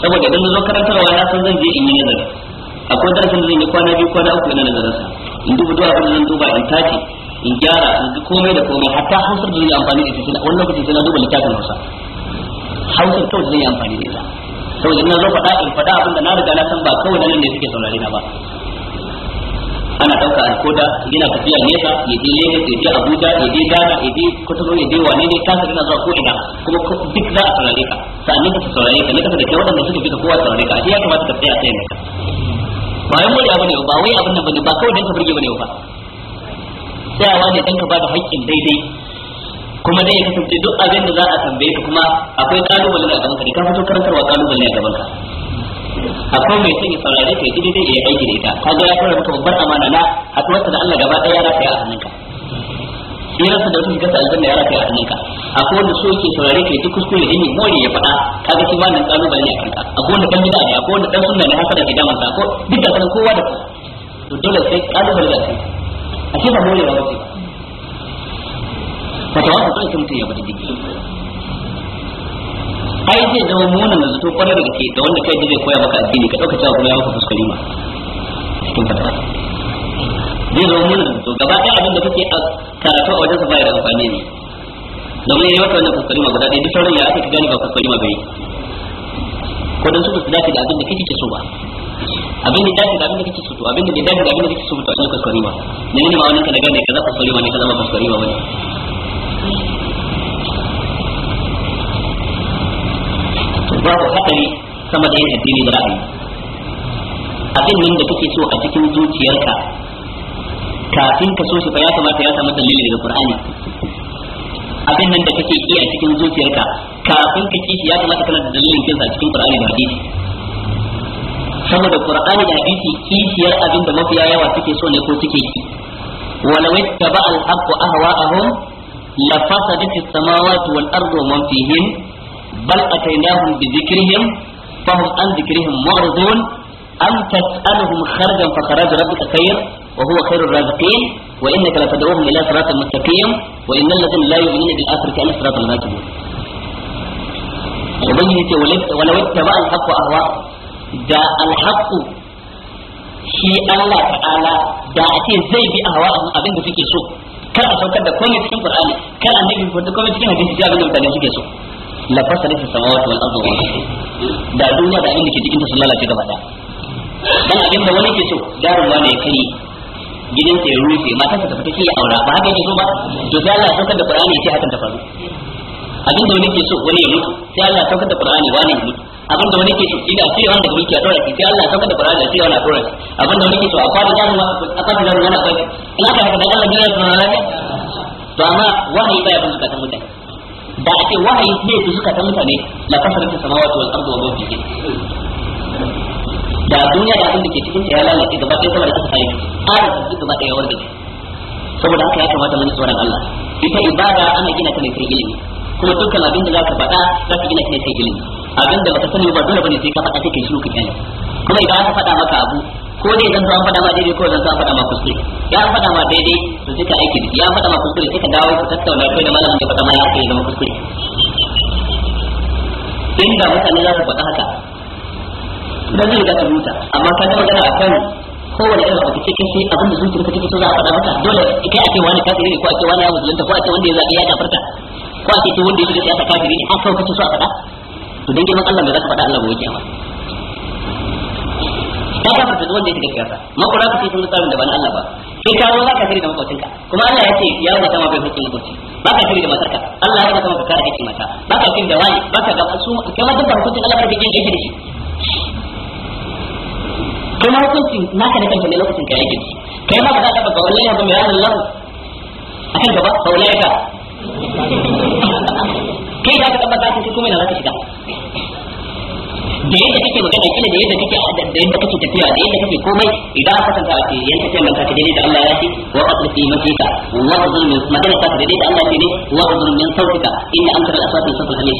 saboda idan zo karantarwa na san zan je in yi nazari akwai darasin da zan yi kwana biyu kwana uku ina nazarin sa in duba duwa abin da zan duba in tace in gyara in ga komai da komai hatta hausar da zan yi amfani da ita wannan lokacin sai na duba littafin hausa hausar kawai da zan yi amfani da ita saboda ina zo faɗa in faɗa abin da na riga na san ba kawai nan ne suke saurare na ba ana ɗauka alkoda yana tafiya nesa ya je Lagos ya je Abuja ya je Ghana ya je kwatano ya je wane ne kasa yana zuwa ko ina kuma duk za a saurare ka sa'annan ka saurare ka ne kasa da kai waɗanda suka fi ka kowa saurare ka ashe ya kamata ka tsaya a tsayin ka ba wai murya bane ba wai abin nan bane ba kawai dan ka burge bane ba wa ne dan ka bada da daidai kuma dai ya kasance duk abin da za a tambaye ka kuma akwai kalubale a gaban ka da ka fito karantarwa kalubale a gaban ka akwai mai son ya saurare ka yi daidai da ya yi aiki da ita ga ya fara maka babbar amana na haɗuwarsa da Allah gaba ɗaya ya rataya a hannunka hirarsa da kuka kasa aljanna ya rafi a hannunka akwai wanda so yake saurare ka duk kuskure ne more ya faɗa kaga shi wannan kalubale ne a kanka akwai wanda dan bid'a ne akwai wanda dan sunna ne haka da gidan mansa ko duk da sanan kowa da ku to dole sai kalubale da kai a shi ba morewa ba ce fatawa ta dole mutum ya bada diki ai zai zama na zato kwarai da gaske ga wanda kai zai koya maka addini ka dauka cewa kuma ya maka kuskure ma cikin fata zai zo mun da to gaba ɗaya abin da kuke karatu a wajen sa bai da amfani ne domin yayi maka wannan fassari ma guda ɗaya duk sauran ya aka ka gane ba fassari ma bai ko dan su ba su dace da abin da kike so ba abin da dace da abin da kike so to abin da bai dace da abin da kake so to an yi fassari ma ne ne ma wannan ka daga ne kaza fassari ma ne kaza ba fassari ma bane babu hadari sama da yin addini da ra'ayi abin nan da kake so a cikin zuciyarka kafin ka so shi fa ya kamata ya samu dalili daga Qur'ani abin nan da kake ki a cikin zuciyarka kafin ka kishi ya kamata kana da dalilin kinsa a cikin Qur'ani da hadisi saboda Qur'ani da hadisi kishiyar abin da mafiya yawa suke so ne ko suke ki ولو اتبع الحق أهواءهم لفسدت السماوات والأرض ومن فيهن بل أتيناهم بذكرهم فهم عن ذكرهم معرضون أن تسألهم خرجا فخرج ربك خير وهو خير الرازقين وإنك لتدعوهم إلى صراط المتقين وإن الذين لا يؤمنون بالآخرة كأن صراط الماكبون ربنا يتولد ولو اتبع الحق أهواء دا الحق شيء الله تعالى دا أتي زي بأهواءهم أبين بفكي سوء كان أشوك دا كوني في شمبر آلي كان النبي في فردو كوني في شمبر آلي كان النبي في فردو كوني في شمبر آلي السماوات والأرض والأرض دا دنيا دا عندك دي انت صلى الله عليه وسلم dan abin da wani ke so darin wani ya kari gidansa ya rufe matarsa ta tafi ya aura ba haka yake so ba to sai Allah ya saukar da Qur'ani ya hakan ta faru abin da wani ke so wani ya mutu sai Allah ya saukar da Qur'ani wani ya mutu abin da wani ke so shi da sai wanda mulki ya dora shi sai Allah ya saukar da Qur'ani sai wani ya dora shi abin da wani ke so a fara da mu a fara da mu ana kai in aka haka dan Allah ya tsara lafiya to amma wahayi baya ya zukatan mutane da ake wahayi ne su ta mutane la kasarata samawati wal ardu wa ma fihi da duniya da abin da ke cikin ta ya lalace gaba ɗaya saboda aka sai tsarin su gaba ɗaya gaba saboda haka ya kamata mu tsoron Allah ita ibada ana gina ta ne kai ilimi kuma dukkan abin da zaka faɗa zaka gina ta ne kai ilimi abin da baka sani ba dole bane sai ka faɗa kai shiru ka kyale kuma idan aka faɗa maka abu ko dai zan zan an faɗa ma daidai ko zan zan an faɗa ma kuskure ya faɗa ma daidai to sai ka aiki ya faɗa ma kuskure sai ka dawo ka tattauna kai da malamin da faɗa ma ya kai zama kuskure inda mutane za su faɗa haka dan zai ga rubuta amma ka magana akan kowane irin abu cikin shi abin da zuciyar ka cikin so za a faɗa maka dole kai ake wani kafiri ne ko ake wani ya musulunta ko ake wanda ya zaɓi ya ko ake to wanda ya shiga siyasa kafiri ne haka kake so a faɗa to dan girman Allah da zaka faɗa Allah gobe kiyama ka kafarta duk wanda ya shiga siyasa makura ka sun tsarin da ba na Allah ba sai ka zo zaka shiri da makocinka kuma Allah ya ce ya rubuta ma bai makoci shiri da matarka Allah ya rubuta ma ka kare hakkin mata shiri da wani baka ga su kamar dukkan hukuncin Allah ka kike da shi kai ma hukuncin naka da kanka ne lokacin ka yake ci kai ma ba za ka ba wallahi ya zama ya Allah kan gaba ba wallahi ka kai da ka tabbata ka kai kuma na ka shiga da yadda kake magana kila da yadda kake da yadda kake tafiya da yadda kake komai idan aka san a cikin yanka sai manka daidai da Allah ya ce wa qadri fi masika wa qadri min magana ta daidai da Allah ya ce ne wa qadri min sautika inna anta al-aswat al-hamid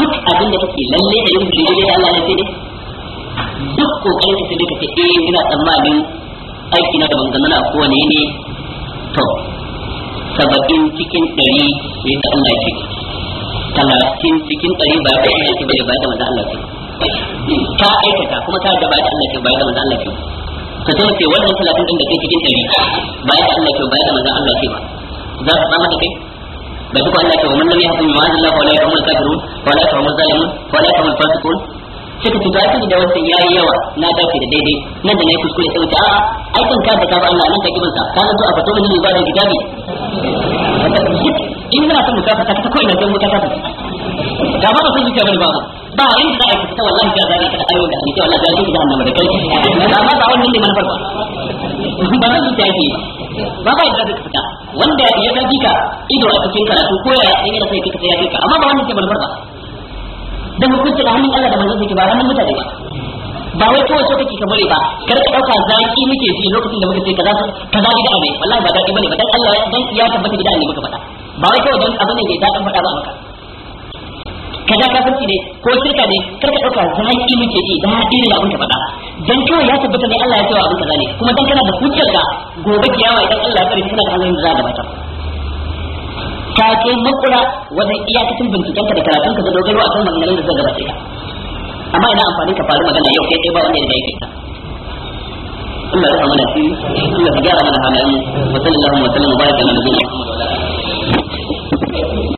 duk abin da kake lalle da yin daidai da Allah ya ce ne duk kokarin ka sai ta ce eh ina tsammanin aiki na da bangana a kowane ne to saba'in cikin dari ne ta Allah ce talatin cikin dari ba ta Allah ce ba da manzo Allah ce ta aikata kuma ta da ba Allah ce ba da manzo Allah ce ka zo ce wannan talatin din da ke cikin dari ba da Allah ce ba da manzo Allah ce ba za ka samu da kai da duk Allah ce wa man lam yahkum ma anzala wa la yahkum al-kafirun wa la yahkum al-zalimun wa la yahkum al-fasiqun suka ce ta da wasu yayi yawa na dace da daidai nan da yi kuskure sai wuce a'a ai kun ka da ka ba Allah nan ka kibin sa ka zo a fato mun ba da kitabi in muna son mukafa ta ko na don mukafa da ba ba sun zuciya ba ba ba da za a fita wallahi ga zai ka ayo da ni ta wallahi ga zuciya annaba da kai ba ma ba wannan ne manufar ba ba nan zuciya yake ba ba yadda ka fita wanda ya ga ka ido a cikin karatu ko ya yana sai kika ya kika amma ba wannan ce manufar ba da hukunci da hannun Allah da manzon take ba hannun mutane ba ba wai kawai so kake ka bari ba kar ka dauka zaki muke ji lokacin da muka ce kaza kaza bid'a ne wallahi ba daɗi bane ba dan Allah dan ya tabbata gida ne muka faɗa ba wai kawai dan abin da ya daɗin faɗa ba maka kaza kafirci ne ko shirka ne kar ka dauka zaki muke ji da ne da abin ka faɗa dan kawai ya tabbata ne Allah ya ce wa abin kaza ne kuma dan kana da hujjar ka gobe kiyawa idan Allah ya bari kana da hannun da za ka gabatar ka kai makura iya iyakacin binciken ka da karatun ka da dogaro akan maganganun da zai gabace ka amma ina amfani ka faru magana yau kai kai ba wanda ya yake ta Allah ya rahama da shi Allah ya gyara mana halayen mu wa sallallahu wa sallam wa baraka ala